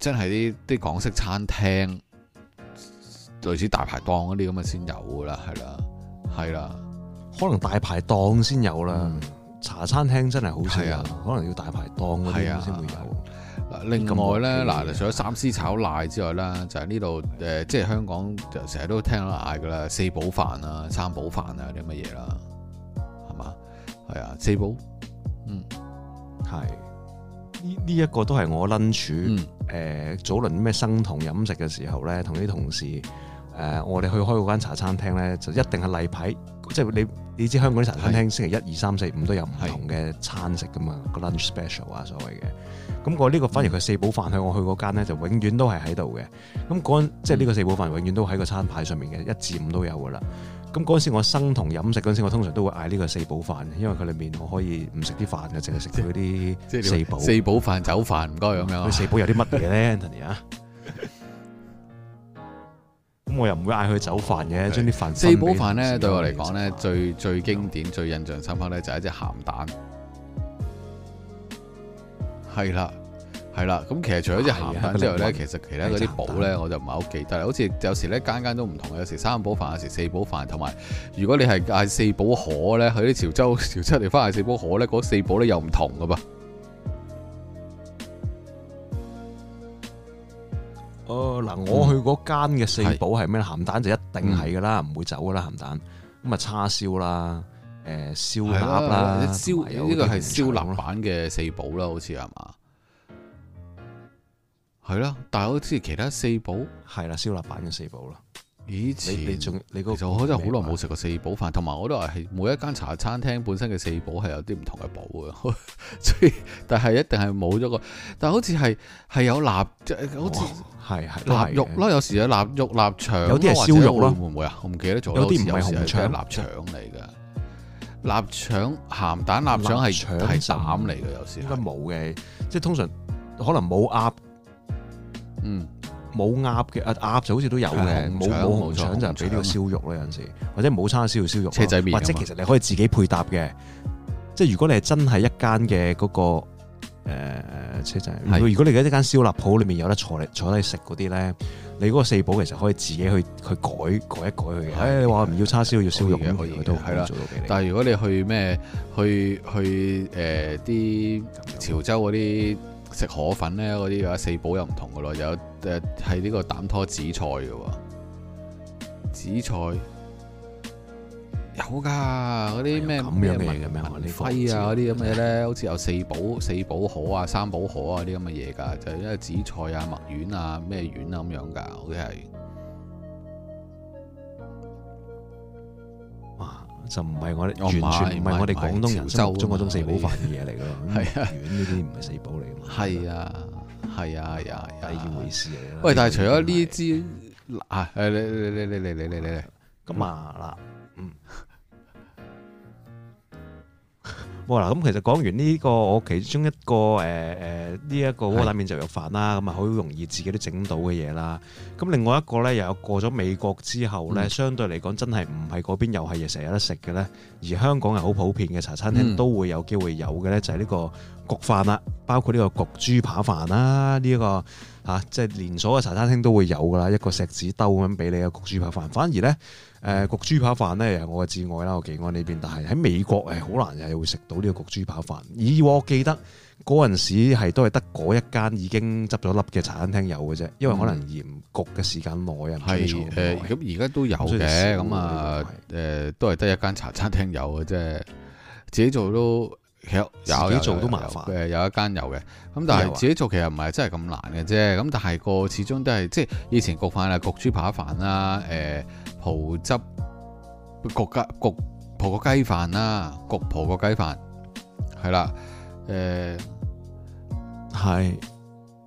真係啲啲港式餐廳，類似大排檔嗰啲咁啊，先有噶啦，係啦，係啦，可能大排檔先有啦、嗯。茶餐廳真係好少，可能要大排檔嗰啲先會有。另外咧，嗱，除咗三絲炒奶之外咧，就係呢度誒，即係香港就成日都聽到嗌噶啦，四寶飯啊，三寶飯啊啲乜嘢啦，係嘛？係啊，四寶，嗯是，係呢呢一個都係我 lunch 誒、嗯呃、早輪咩生酮飲食嘅時候咧，同啲同事誒、呃，我哋去開嗰間茶餐廳咧，就一定係例牌，即、就、係、是、你你知道香港啲茶餐廳星期一、二、三、四、五都有唔同嘅餐食噶嘛，的個 lunch special 啊所謂嘅。咁我呢個反而佢四寶飯喺、嗯、我去嗰間咧，就永遠都係喺度嘅。咁嗰即係呢個四寶飯，永遠都喺個餐牌上面嘅，一至五都有噶啦。咁嗰陣時我生同飲食嗰陣時，我通常都會嗌呢個四寶飯，因為佢裏面我可以唔食啲飯嘅，淨係食嗰啲四寶。四寶飯走飯唔該咁樣。四寶有啲乜嘢咧？Tony 啊，咁 Anthony? 我又唔會嗌佢走飯嘅，將啲飯。四寶飯咧對我嚟講咧，最最經典、嗯、最印象深刻咧就係一隻鹹蛋。係啦，係啦，咁其實除咗隻鹹蛋之外咧，其實其他嗰啲寶咧，我就唔係好記得。好似有時咧間間都唔同，有時三寶飯，有時四寶飯，同埋如果你係嗌四寶河咧，去啲潮州潮出嚟翻嗌四寶河咧，嗰四寶咧又唔同噶噃。哦，嗱，我去嗰間嘅四寶係咩鹹蛋就一定係噶啦，唔、嗯、會走噶啦鹹蛋，咁啊叉燒啦。誒，燒鴨啦，燒呢個係燒臘版嘅四寶啦，好似係嘛？係啦，但係好似其他四寶係啦，燒臘版嘅四寶啦。以前你仲你嗰就真係好耐冇食過四寶飯，同埋我都話係每一間茶餐廳本身嘅四寶係有啲唔同嘅寶嘅，即 但係一定係冇咗個，但係好似係係有臘，哦，好似係係臘肉咯，有時有臘肉臘腸，有啲係燒肉咯，會唔會啊？我唔記得咗，有啲唔係紅腸，臘腸嚟嘅。臘腸、鹹蛋，臘腸係腸，係膽嚟嘅，有時應該，冇嘅，即係通常可能冇鴨，嗯，冇鴨嘅啊，鴨就好似都有嘅，冇冇腸就係俾呢個燒肉啦，有陣時，或者冇叉燒燒肉，車仔麵，或者其實你可以自己配搭嘅，即係如果你係真係一間嘅嗰個誒、呃、車仔，如果你而家一間燒臘鋪裏面有得坐坐低食嗰啲咧。你嗰個四寶其實可以自己去去改改一改佢嘅。誒、哎、你話唔要叉燒，要燒肉咁樣，可，可都係啦。但係如果你去咩去去誒啲、呃、潮州嗰啲食河粉咧，嗰啲嘅四寶又唔同嘅咯，有誒係呢個膽拖紫菜嘅喎，紫菜。有噶嗰啲咩咩物嘅咩咩？啊、呢個啊嗰啲咁嘅咧， 好似有四寶、四寶河啊、三寶河啊啲咁嘅嘢噶，就係因為紫菜啊、墨丸啊、咩丸啊咁樣噶，似係哇，就唔係我哋、啊、完全唔係我哋廣東人、中國中四寶飯嘅嘢嚟噶咯，丸呢啲唔係四寶嚟。嘛。係啊，係啊，係啊，係一回事嚟。喂，但係除咗呢支啊，你你你你你你咁啊嗱，嗯。咁其實講完呢、呢個，我其中一個誒誒呢一個窩蛋麵就肉飯啦，咁啊好容易自己都整到嘅嘢啦。咁另外一個呢，又有過咗美國之後呢，嗯、相對嚟講真係唔係嗰邊又係成日得食嘅呢。而香港係好普遍嘅茶餐廳都會有機會有嘅呢，就係呢個焗飯啦、嗯，包括呢個焗豬扒飯啦，呢、這、一個嚇即係連鎖嘅茶餐廳都會有㗎啦，一個錫紙兜咁俾你嘅焗豬扒飯，反而呢。誒焗豬扒飯咧，又係我嘅至愛啦，我幾愛呢邊。但係喺美國誒，好難係會食到呢個焗豬扒飯。以我記得嗰陣時係都係得嗰一間已經執咗笠嘅茶餐廳有嘅啫，因為可能鹽焗嘅時間耐啊。係誒，咁而家都有嘅，咁啊誒，都係得一間茶餐廳有嘅啫。自己做都有，自己做都麻煩。有一間有嘅，咁但係自己做其實唔係真係咁難嘅啫。咁、啊、但係個始終都係即係以前焗飯係，焗豬扒飯啦，誒、呃。葡汁焗雞焗葡國雞飯啦、啊，焗葡國雞飯係啦，誒係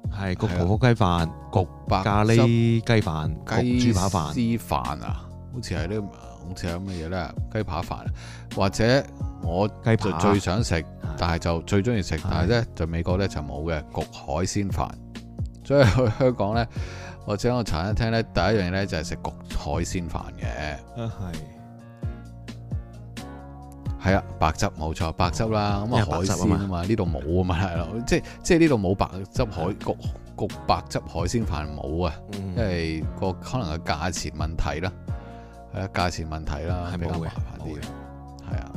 係焗葡國雞飯、啊、焗白咖喱雞飯，雞飯焗豬扒飯私飯啊，好似係咧，好似係咁嘅嘢咧，雞扒飯或者我雞就最想食，但係就最中意食，但係咧就美國咧就冇嘅焗海鮮飯，所以去香港咧或者我茶餐廳咧，第一樣嘢咧就係食焗海鮮飯嘅，啊係，係啊，白汁冇錯，白汁啦，咁、嗯、啊海鮮啊嘛，呢度冇啊嘛，係咯，即係即係呢度冇白汁海焗焗白汁海鮮飯冇啊、嗯，因為個可能係價錢問題啦，係啊，價錢問題啦，冇嘅，冇嘅，係啊，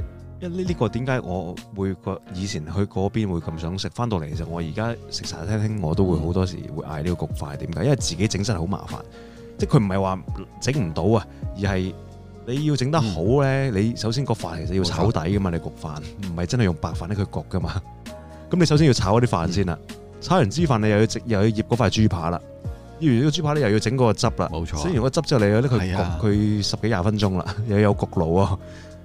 係。因呢呢個點解我會覺以前去嗰邊會咁想食，翻到嚟其實我而家食晒，聽聽，我都會好多時會嗌呢個焗飯。點解？因為自己整真係好麻煩，即係佢唔係話整唔到啊，而係你要整得好咧、嗯，你首先個飯其實要炒底噶嘛，你焗飯唔係真係用白飯咧去焗噶嘛。咁你首先要炒嗰啲飯先啦，炒完支飯，你又要扒扒，你又要醃嗰塊豬扒啦，醃完呢個豬扒咧又要整嗰個汁啦。冇錯。所以如果汁之後你佢焗佢十幾廿分鐘啦，又有焗爐啊。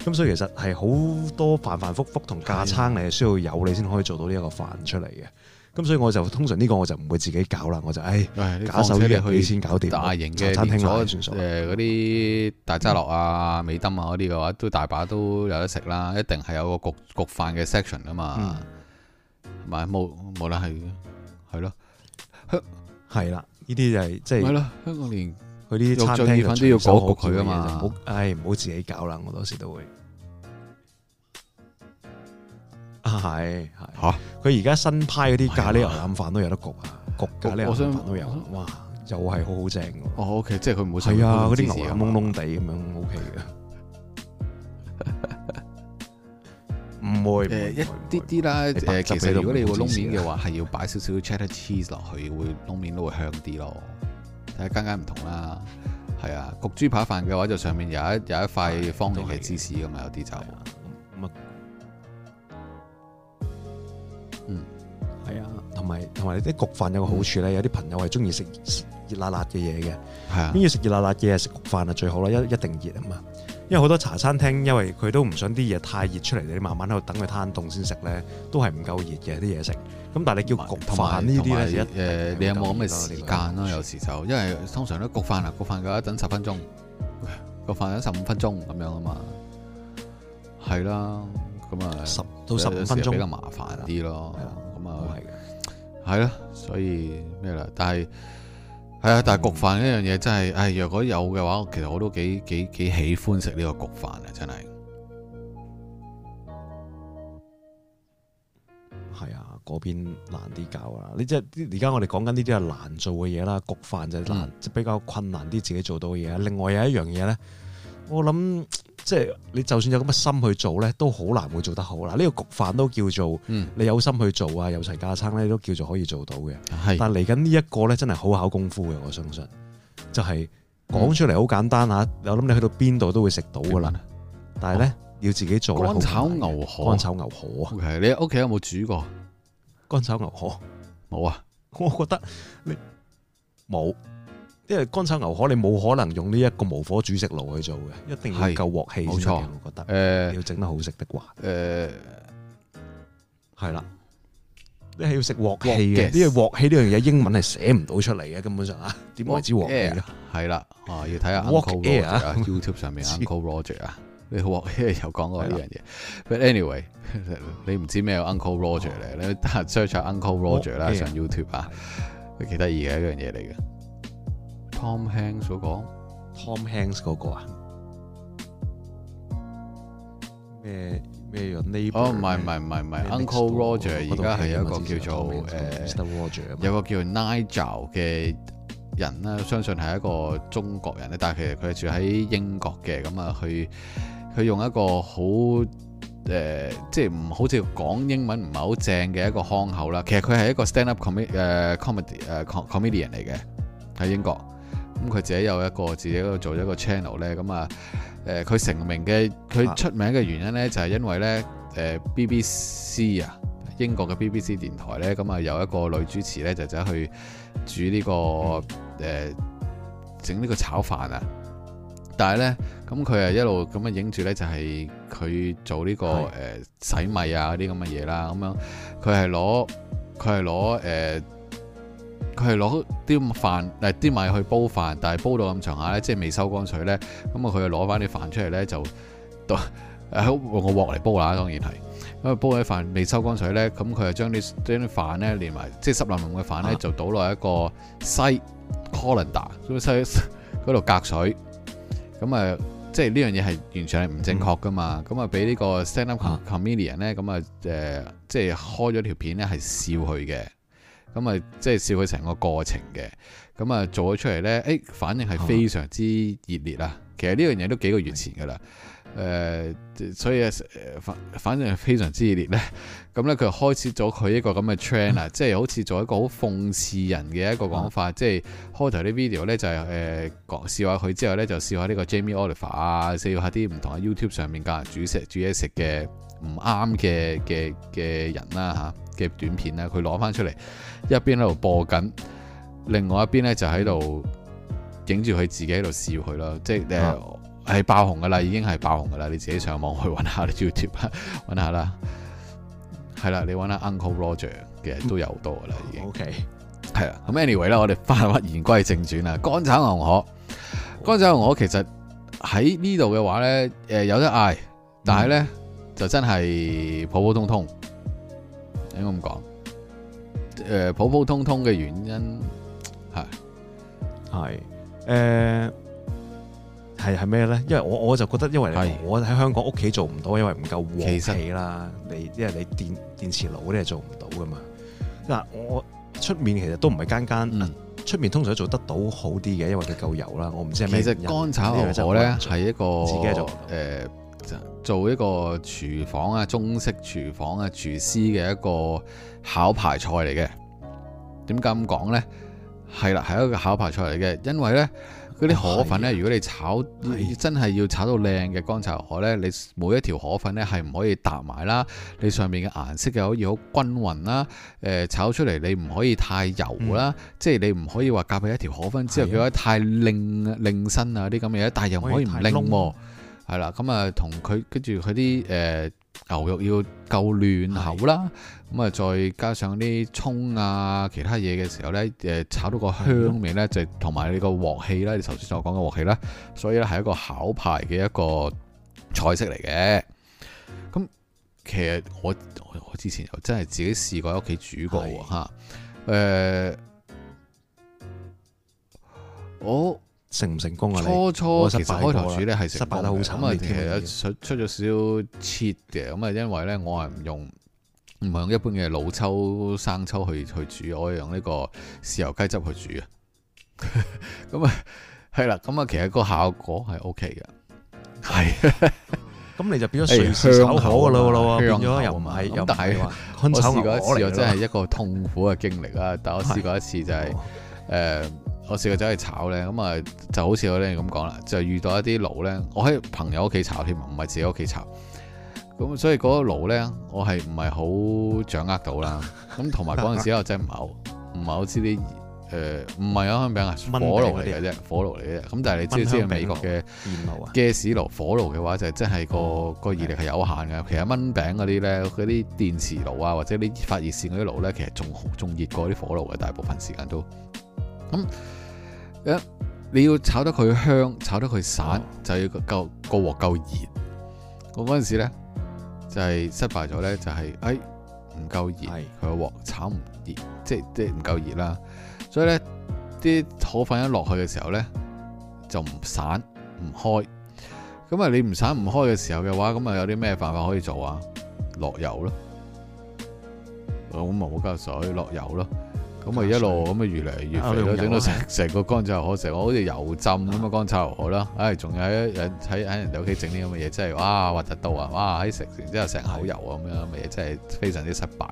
咁所以其實係好多反反覆覆同架撐，你係需要有你先可以做到呢一個飯出嚟嘅。咁所以我就通常呢個我就唔會自己搞啦，我就唉、哎哎，你放車入去先搞掂。大型嘅連鎖餐廳誒嗰啲大家樂啊、美登啊嗰啲嘅話，嗯，都大把都有得食啦。一定係有個焗焗飯嘅 section 啊嘛，咪冇冇論係係咯，係啦，呢啲 就係即係。佢啲餐要都要焗佢啊嘛，唔好，唉，唔好自己搞啦！我多時都會啊，係、啊、嚇。佢而家新派嗰啲咖喱牛腩飯都有得焗啊，焗，焗咖喱牛腩飯都有，哇，又係好好正㗎。哦，OK，即係佢唔會係啊，嗰啲牛肉燶燶地咁樣 OK 嘅。唔 會、欸、會一啲啲啦。其實你你如果你個窿面嘅話，係要擺少少 cheddar cheese 落去，會窿面都會香啲咯。係間間唔同啦，係啊，焗豬扒飯嘅話就上面有一有一塊方形嘅芝士咁嘛，有啲就，嗯，係啊，同埋同埋啲焗飯有個好處咧，嗯、有啲朋友係中意食熱辣辣嘅嘢嘅，係啊，中意食熱辣辣嘅嘢食焗飯就最好啦，一一定熱啊嘛，因為好多茶餐廳因為佢都唔想啲嘢太熱出嚟，你慢慢喺度等佢攤凍先食咧，都係唔夠熱嘅啲嘢食。咁但係你叫焗飯有有呢啲咧？誒，你有冇咁嘅時間咯、啊？有時就，因為通常都焗飯啊，焗飯佢一等十分鐘，焗飯等十五分鐘咁樣啊嘛，係啦，咁啊十到十五分鐘比較麻煩啲咯，咁啊係嘅，係咯，所以咩啦？但係係啊，但係焗飯呢樣嘢真係，誒、哎、若果有嘅話，其實我都幾幾幾喜歡食呢個焗飯呀，真係。嗰邊難啲搞啊。你即係而家我哋講緊呢啲係難做嘅嘢啦，焗飯就難，即、嗯、比較困難啲自己做到嘅嘢。另外有一樣嘢咧，我諗即係你就算有咁嘅心去做咧，都好難會做得好。嗱，呢個焗飯都叫做，你有心去做啊，嗯、有齊架撐咧都叫做可以做到嘅。但係嚟緊呢一個咧，真係好考功夫嘅。我相信，就係、是、講出嚟好簡單啊。嗯、我諗你去到邊度都會食到噶啦。嗯、但係咧、啊，要自己做乾炒牛乾炒牛河啊，河 okay, 你屋企有冇煮過？乾炒牛河冇啊，我覺得你冇，因為乾炒牛河你冇可能用呢一個無火煮食爐去做嘅，一定要夠鑊氣先嘅。我覺得，誒，要整得好食的話，誒、呃，係啦，你係要食鑊氣嘅，呢、呃這個鑊氣呢樣嘢英文係寫唔到出嚟嘅，根本上 啊，點為之鑊氣咧？係啦，啊，要睇下 YouTube 上面 Uncle Roger 啊。 你王希又講過呢樣嘢，but anyway 你唔知咩有 Uncle Roger 咧，你得閑 search 下 Uncle Roger 啦，上 YouTube 啊，幾得意嘅一樣嘢嚟嘅。Tom Hanks 所講，Tom Hanks 嗰個啊，咩咩啊？哦，唔係唔係唔係唔係 Uncle Roger，而家係有一個叫做誒，有個叫做 Nigel 嘅人啦，相信係一個中國人咧，但係其實佢住喺英國嘅，咁啊去。佢用一個好誒、呃，即係唔好似講英文唔係好正嘅一個腔口啦。其實佢係一個 stand up com uh, comedy、uh, comedy comedian 嚟嘅，喺英國。咁、嗯、佢自己有一個自己喺度做一個 channel 咧。咁啊佢成名嘅佢出名嘅原因咧、啊，就係、是、因為咧、呃、BBC 啊，英國嘅 BBC 電台咧，咁啊有一個女主持咧，就走去煮呢、這個誒整呢個炒飯啊。但係咧，咁佢係一路咁樣影住咧，就係、是、佢做呢、這個誒、呃、洗米啊嗰啲咁嘅嘢啦，咁樣佢係攞佢係攞誒佢係攞啲飯誒啲米去煲飯，但係煲到咁長下咧，即係未收乾水咧，咁啊佢就攞翻啲飯出嚟咧，就到用個鑊嚟煲啦，當然係，因為煲啲飯未收乾水咧，咁佢係將啲將啲飯咧連埋即係濕淋淋嘅飯咧，就倒落一個西 colander，咁西嗰度隔水。咁啊，即係呢樣嘢係完全係唔正確噶嘛，咁啊俾呢個 Stand Up Comedian 咧、嗯，咁啊誒，即係開咗條片咧係笑佢嘅，咁啊即係笑佢成個過程嘅，咁啊做咗出嚟咧，誒、欸、反應係非常之熱烈啊、嗯，其實呢樣嘢都幾個月前噶啦。誒、呃，所以反反正係非常之熱烈咧，咁咧佢就開始咗佢一個咁嘅 trend 啦，即係好似做一個好諷刺人嘅一個講法，嗯、即係開頭啲 video 咧就係誒笑下佢，之後咧就笑下呢個 Jamie Oliver 啊，笑下啲唔同喺 YouTube 上面教人煮食煮嘢食嘅唔啱嘅嘅嘅人啦嚇嘅短片啦，佢攞翻出嚟一邊喺度播緊，另外一邊咧就喺度影住佢自己喺度笑佢啦，即係誒。嗯呃係爆紅噶啦，已經係爆紅噶啦，你自己上網去揾下 YouTube，揾下啦，係啦，你揾下 Uncle Roger，其實都有好多啦、嗯，已經。OK，係啦，咁 Anyway 啦，我哋翻話言歸正傳啦，乾炒牛河，乾炒牛河其實喺呢度嘅話咧，誒、呃、有得嗌，但係咧、嗯、就真係普普通通，應該咁講，誒、呃、普普通通嘅原因係係誒。是是呃係係咩咧？因為我我就覺得因，因為我喺香港屋企做唔到，因為唔夠旺氣啦。你因為你電電磁爐嗰啲係做唔到噶嘛。嗱，我出面其實都唔係間間，出、嗯、面通常做得到好啲嘅，因為佢夠油啦。我唔知係咩。其實乾炒河螺咧係一個自己做、呃、做一個廚房啊，中式廚房啊廚師嘅一個考牌菜嚟嘅。點解咁講咧？係啦，係一個考牌菜嚟嘅，因為咧。嗰啲河粉咧，如果你炒真係要炒到靚嘅乾炒河粉咧，你每一條河粉咧係唔可以搭埋啦，你上面嘅顏色又可以好均勻啦，誒炒出嚟你唔可以太油啦，嗯，即係你唔可以話夾佢一條河粉之後佢可太拎拎身啊啲咁嘅嘢，但係又唔可以唔拎喎，係啦，咁啊同佢跟住佢啲誒。牛肉要夠嫩口啦，咁啊再加上啲蔥啊，其他嘢嘅時候咧，誒炒到個香味咧、嗯，就同埋你個鑊氣咧，你頭先所講嘅鑊氣啦，所以咧係一個考牌嘅一個菜式嚟嘅。咁其實我我之前又真係自己試過喺屋企煮過吓，誒我。啊哦成唔成功啊？初初我失敗開頭煮咧係失敗得好慘，咁啊其實出咗少少切嘅，咁啊因為咧我係唔用唔用一般嘅老抽、生抽去去煮，我用呢個豉油雞汁去煮啊。咁啊係啦，咁啊其實個效果係 O K 嘅，係。咁 你就變咗水火口噶啦，變咗油係又係，但係我試過一次真係一個痛苦嘅經歷啊！但我試過一次就係、是、誒。我試過走去炒咧，咁啊就好似我哋咁講啦，就遇到一啲爐咧，我喺朋友屋企炒添，唔係自己屋企炒，咁所以嗰個爐咧，我係唔係好掌握到啦？咁同埋嗰陣時又真係唔係好，唔係好似啲誒，唔係香餅啊，火爐嚟嘅啫，火爐嚟嘅。咁但係你知唔知美國嘅爐啊嘅士爐火爐嘅話，就真係個個熱力係有限嘅。其實燜餅嗰啲咧，嗰啲電磁爐啊，或者啲發熱線嗰啲爐咧，其實仲仲熱過啲火爐嘅大部分時間都咁。一你要炒得佢香，炒得佢散，就要夠個鑊夠熱。我嗰陣時咧就係、是、失敗咗咧，就係、是、哎唔夠熱，佢個鑊炒唔熱，即係即係唔夠熱啦。所以咧，啲火粉一落去嘅時候咧，就唔散唔開。咁啊，你唔散唔開嘅時候嘅話，咁啊有啲咩辦法可以做啊？落油咯，好加水，落油咯。咁啊，一路咁啊，越嚟越肥，整到成成個乾炒河，成個好似油浸咁啊，乾炒又好啦！唉，仲有喺人喺人哋屋企整啲咁嘅嘢，真係哇，核突到啊！哇，喺食完之後成口油咁樣嘅嘢、嗯，真係非常之失敗。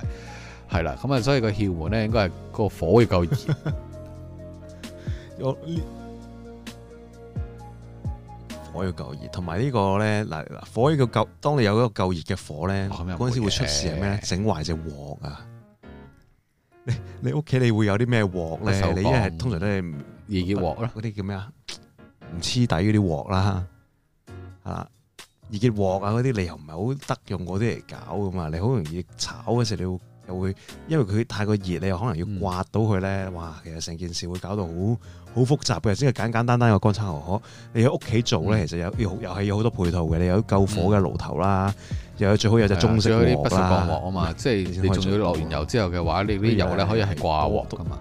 係、嗯、啦，咁啊，所以個竅門咧，應該係個火要夠熱。我 火要夠熱，同埋呢個咧嗱，火要夠，當你有一個夠熱嘅火咧，嗰、啊、陣時會出事係咩？整壞隻鑊啊！你屋企你，你會有啲咩鑊咧？你一係通常都係易潔鑊啦，嗰啲叫咩啊？唔黐底嗰啲鑊啦，係嘛？易潔鑊啊嗰啲你又唔係好得用嗰啲嚟搞㗎嘛？你好容易炒嘅時你又會，因為佢太過熱，你又可能要刮到佢咧，嗯。哇！其實成件事會搞到好～好複雜嘅，先係簡簡單單一個乾炒牛河。你喺屋企做咧，其實有又又係有好多配套嘅。你有救火嘅爐頭啦，又有最好有隻中式鑊，不鏽鋼鍋啊嘛。即係你仲要落完油之後嘅話，你啲油咧可以係掛鑊噶嘛。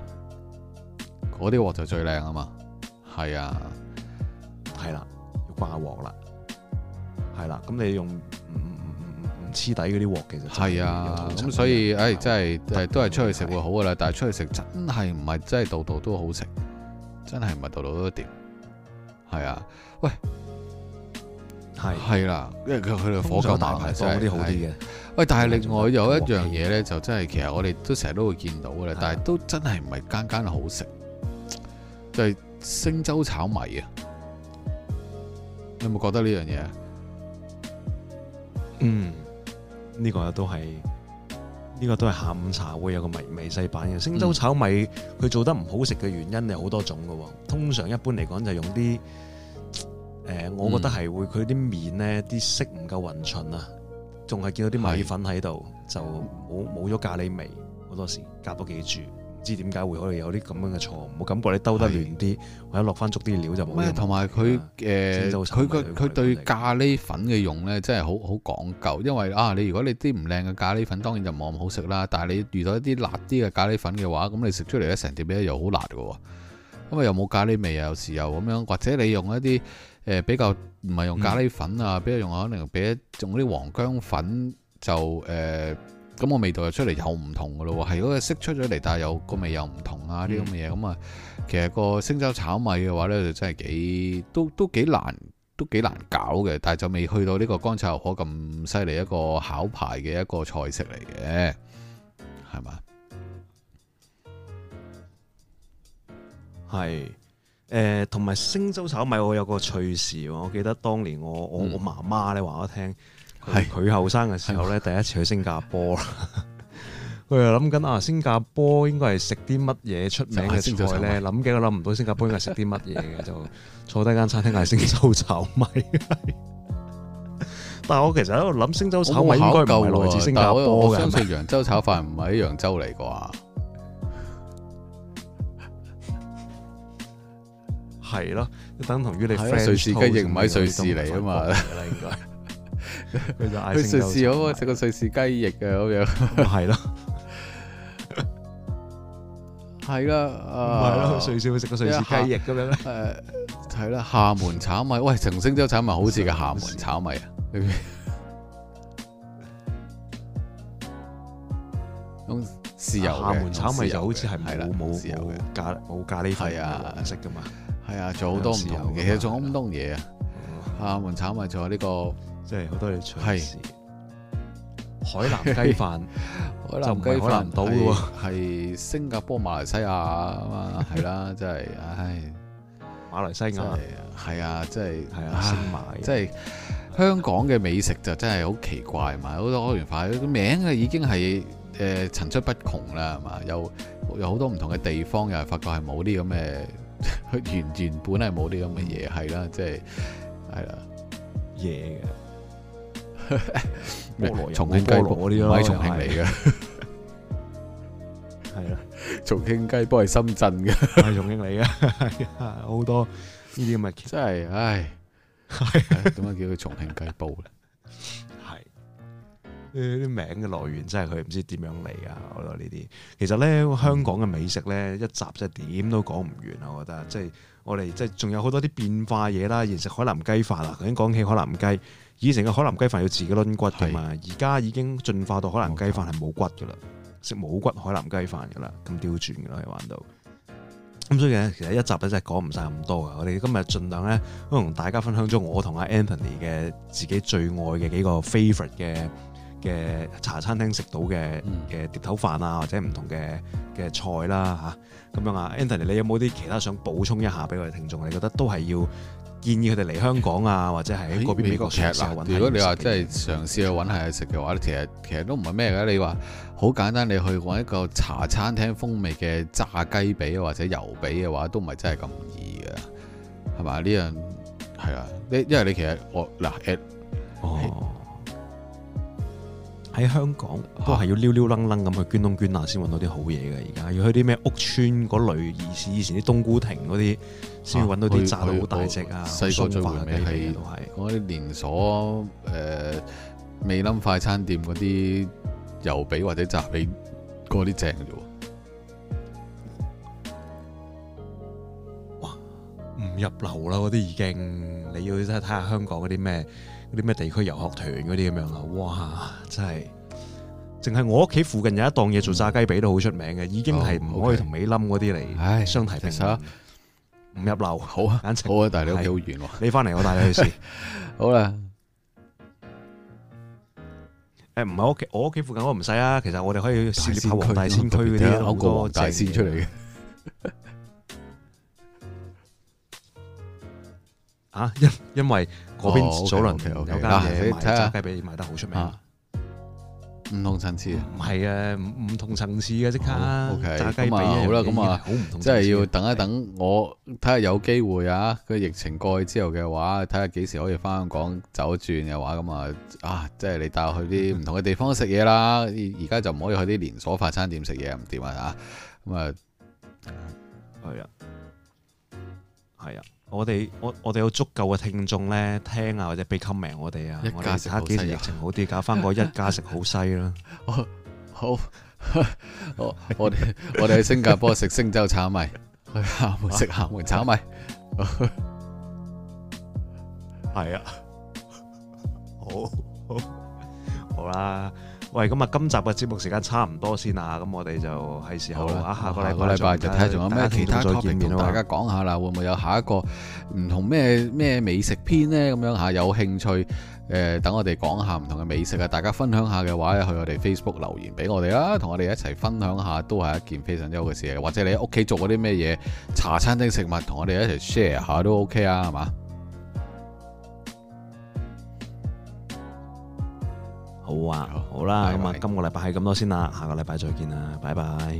嗰啲鑊就最靚啊嘛。係啊，係啦，要掛鑊啦，係啦。咁你用唔黐、嗯、底嗰啲鑊，其實係啊。咁所以誒、哎，真係都係出去食會好噶啦。但係出去食真係唔係真係度度都好食。真係唔係到攞都掂，係啊！喂，係係啦，因為佢佢哋火狗大排檔啲好啲嘅。喂，但係另外有一樣嘢咧，就真係其實我哋都成日都會見到嘅咧、啊，但係都真係唔係間間好食，就係、是、星洲炒米啊！你有冇覺得呢樣嘢？嗯、呢、這個都係。呢、這個都係下午茶會有個咪咪細版嘅。星洲炒米佢做得唔好食嘅原因有好多種嘅喎。嗯、通常一般嚟講就係用啲誒、呃，我覺得係會佢啲、嗯、麵呢啲色唔夠均勻啊，仲係見到啲米粉喺度，就冇冇咗咖喱味好多時，夾咗幾住。唔知點解會可能有啲咁樣嘅錯誤？我感覺你兜得亂啲，或者落翻足啲料就冇。唔係同埋佢佢個佢對咖喱粉嘅用咧，真係好好講究。因為啊，你如果你啲唔靚嘅咖喱粉，當然就冇咁好食啦。但係你遇到一啲辣啲嘅咖喱粉嘅話，咁你食出嚟咧成碟咧又好辣㗎喎。因為啊又冇咖喱味啊，有豉油咁樣，或者你用一啲、呃、比較唔係用咖喱粉啊，嗯、比較用可能俾用啲黃姜粉就、呃咁個味道又出嚟又唔同嘅咯喎，係嗰個色出咗嚟，但係又個味又唔同啊啲咁嘅嘢，咁、嗯、啊、嗯、其實個星洲炒米嘅話咧，就真係幾都都幾難都幾難搞嘅，但係就未去到呢個乾炒牛河咁犀利一個考牌嘅一個菜式嚟嘅，係嘛？係誒，同、呃、埋星洲炒米我有個趣事喎，我記得當年我我、嗯、我媽媽咧話我聽。係佢後生嘅時候咧，第一次去新加坡啦。佢又諗緊啊，新加坡應該係食啲乜嘢出名嘅菜咧？諗幾個諗唔到，新加坡應該食啲乜嘢嘅？就坐低間餐廳係星洲炒米。的 炒米 但係我其實喺度諗，星洲炒米應該唔係來自星加坡嘅。我相信揚州炒飯唔係喺揚州嚟啩？係 咯，等同於你瑞士雞翼唔係瑞士嚟 啊嘛？ 佢 瑞士好啊，食個瑞士雞翼嘅咁樣， 係咯，係啦，係咯，瑞士會食個瑞士雞翼咁樣咧，誒，係、呃、啦，廈門炒米，喂，成星洲炒米好似嘅廈門炒米啊， 豉油，廈門炒米就好似係冇冇咖冇咖喱粉色噶嘛，係啊，仲有好多唔同嘅，其實仲咁多嘢啊，廈門炒米仲有呢、這個。.即係好多嘢出海南雞飯，海南，雞飯就唔係海南島嘅喎，係新加坡、馬來西亞啊嘛，係 啦，真係，唉，馬來西亞，係啊，啊，啊，啊，真係，係啊，先買，即係香港嘅美食就真係好奇怪係嘛，好多嘅嘢，名啊已經係層出不窮啦係嘛，有有好多唔同嘅地方又係發覺係冇啲咁嘅，原原本係冇啲咁嘅嘢係啦，即係係啦，嘢嘅。是啊。重慶雞煲，咪重慶嚟嘅，係啦。重慶雞煲係深圳嘅，係重慶嚟嘅，好多呢啲咁嘅。真係，唉，點解叫佢重慶雞煲啦。係啲名嘅來源真係，佢唔知點樣嚟啊！我諗呢啲，其實咧香港嘅美食咧一集即係點都講唔完啊！我覺得，即係我哋即係仲有好多啲變化嘢啦，而食海南雞飯啊。頭先講起海南雞。以前嘅海南雞飯要自己攆骨嘅嘛，而家已經進化到海南雞飯係冇骨嘅啦，食、okay. 冇骨海南雞飯嘅啦，咁刁轉嘅啦，喺玩到。咁所以咧，其實一集咧真係講唔晒咁多嘅。我哋今日盡量咧都同大家分享咗我同阿 Anthony 嘅自己最愛嘅幾個 favorite 嘅嘅茶餐廳食到嘅嘅碟頭飯啊、嗯，或者唔同嘅嘅菜啦嚇咁樣啊。Anthony，你有冇啲其他想補充一下俾我哋聽眾？你覺得都係要？建議佢哋嚟香港啊，或者係喺嗰邊美國食。嗱，如果你話真係嘗試去揾下嘢食嘅話、嗯、其實其實都唔係咩嘅。你話好簡單，你去揾一個茶餐廳風味嘅炸雞髀或者油髀嘅話，都唔係真係咁易嘅。係嘛？呢樣係啊。因為你其實、嗯、我嗱喺、啊哦、香港都係、啊、要溜溜楞楞咁去捐東捐南先揾到啲好嘢嘅。而家要去啲咩屋村嗰類，以以前啲冬菇亭嗰啲。先揾到啲炸到好大隻啊！細、啊、個最回味係嗰啲連鎖誒美冧快餐店嗰啲油髀或者炸髀嗰啲正嘅喎，哇！唔入流啦，嗰啲已經你要真睇下香港嗰啲咩嗰啲咩地區遊學團嗰啲咁樣啦，哇！真係淨係我屋企附近有一檔嘢做炸雞髀都好出名嘅、嗯，已經係唔可以同美冧嗰啲嚟唉相提並、哎。其實唔入樓好啊，簡直好啊！但係你屋企好遠喎，你翻嚟我帶你去試，好啦。誒，唔係屋企，我屋企附近我都唔使啊。其實我哋可以試下黃大仙區嗰啲，好多黃大仙出嚟嘅。啊，因因為嗰邊早輪有間嘢賣炸雞髀賣得好出名。唔同層次啊！唔係啊，唔同層次嘅即刻打、okay，雞尾好啦，咁啊，即係要等一等我，我睇下有機會啊。個疫情過去之後嘅話，睇下幾時可以翻香港走轉嘅話，咁啊啊，即係你帶我去啲唔同嘅地方食嘢啦。而、嗯、家就唔可以去啲連鎖快餐店食嘢，唔掂啊！咁啊，係啊，係啊。我哋我我哋有足夠嘅聽眾咧，聽啊或者俾 comment 我哋啊，其下幾時疫情好啲，搞翻個一家食好西啦。好，我我哋我哋去新加坡食星洲炒米，去廈門食廈門炒米，係啊， 啊，好好好啦。喂，咁啊，今集嘅節目時間差唔多先啊，咁我哋就係時候啦，下個禮拜，下個禮拜就睇仲有咩其他作品，大家，有有大家講下啦，會唔會有下一個唔同咩咩美食篇呢？咁樣下，有興趣、呃、等我哋講下唔同嘅美食啊，大家分享下嘅話，去我哋 Facebook 留言俾我哋啊，同我哋一齊分享下都係一件非常之好嘅事，或者你喺屋企做嗰啲咩嘢茶餐廳食物，同我哋一齊 share 下都 OK 啊，係嘛？好啊，好啦，咁啊，bye bye 今個禮拜係咁多先啦，下個禮拜再見啦，拜拜。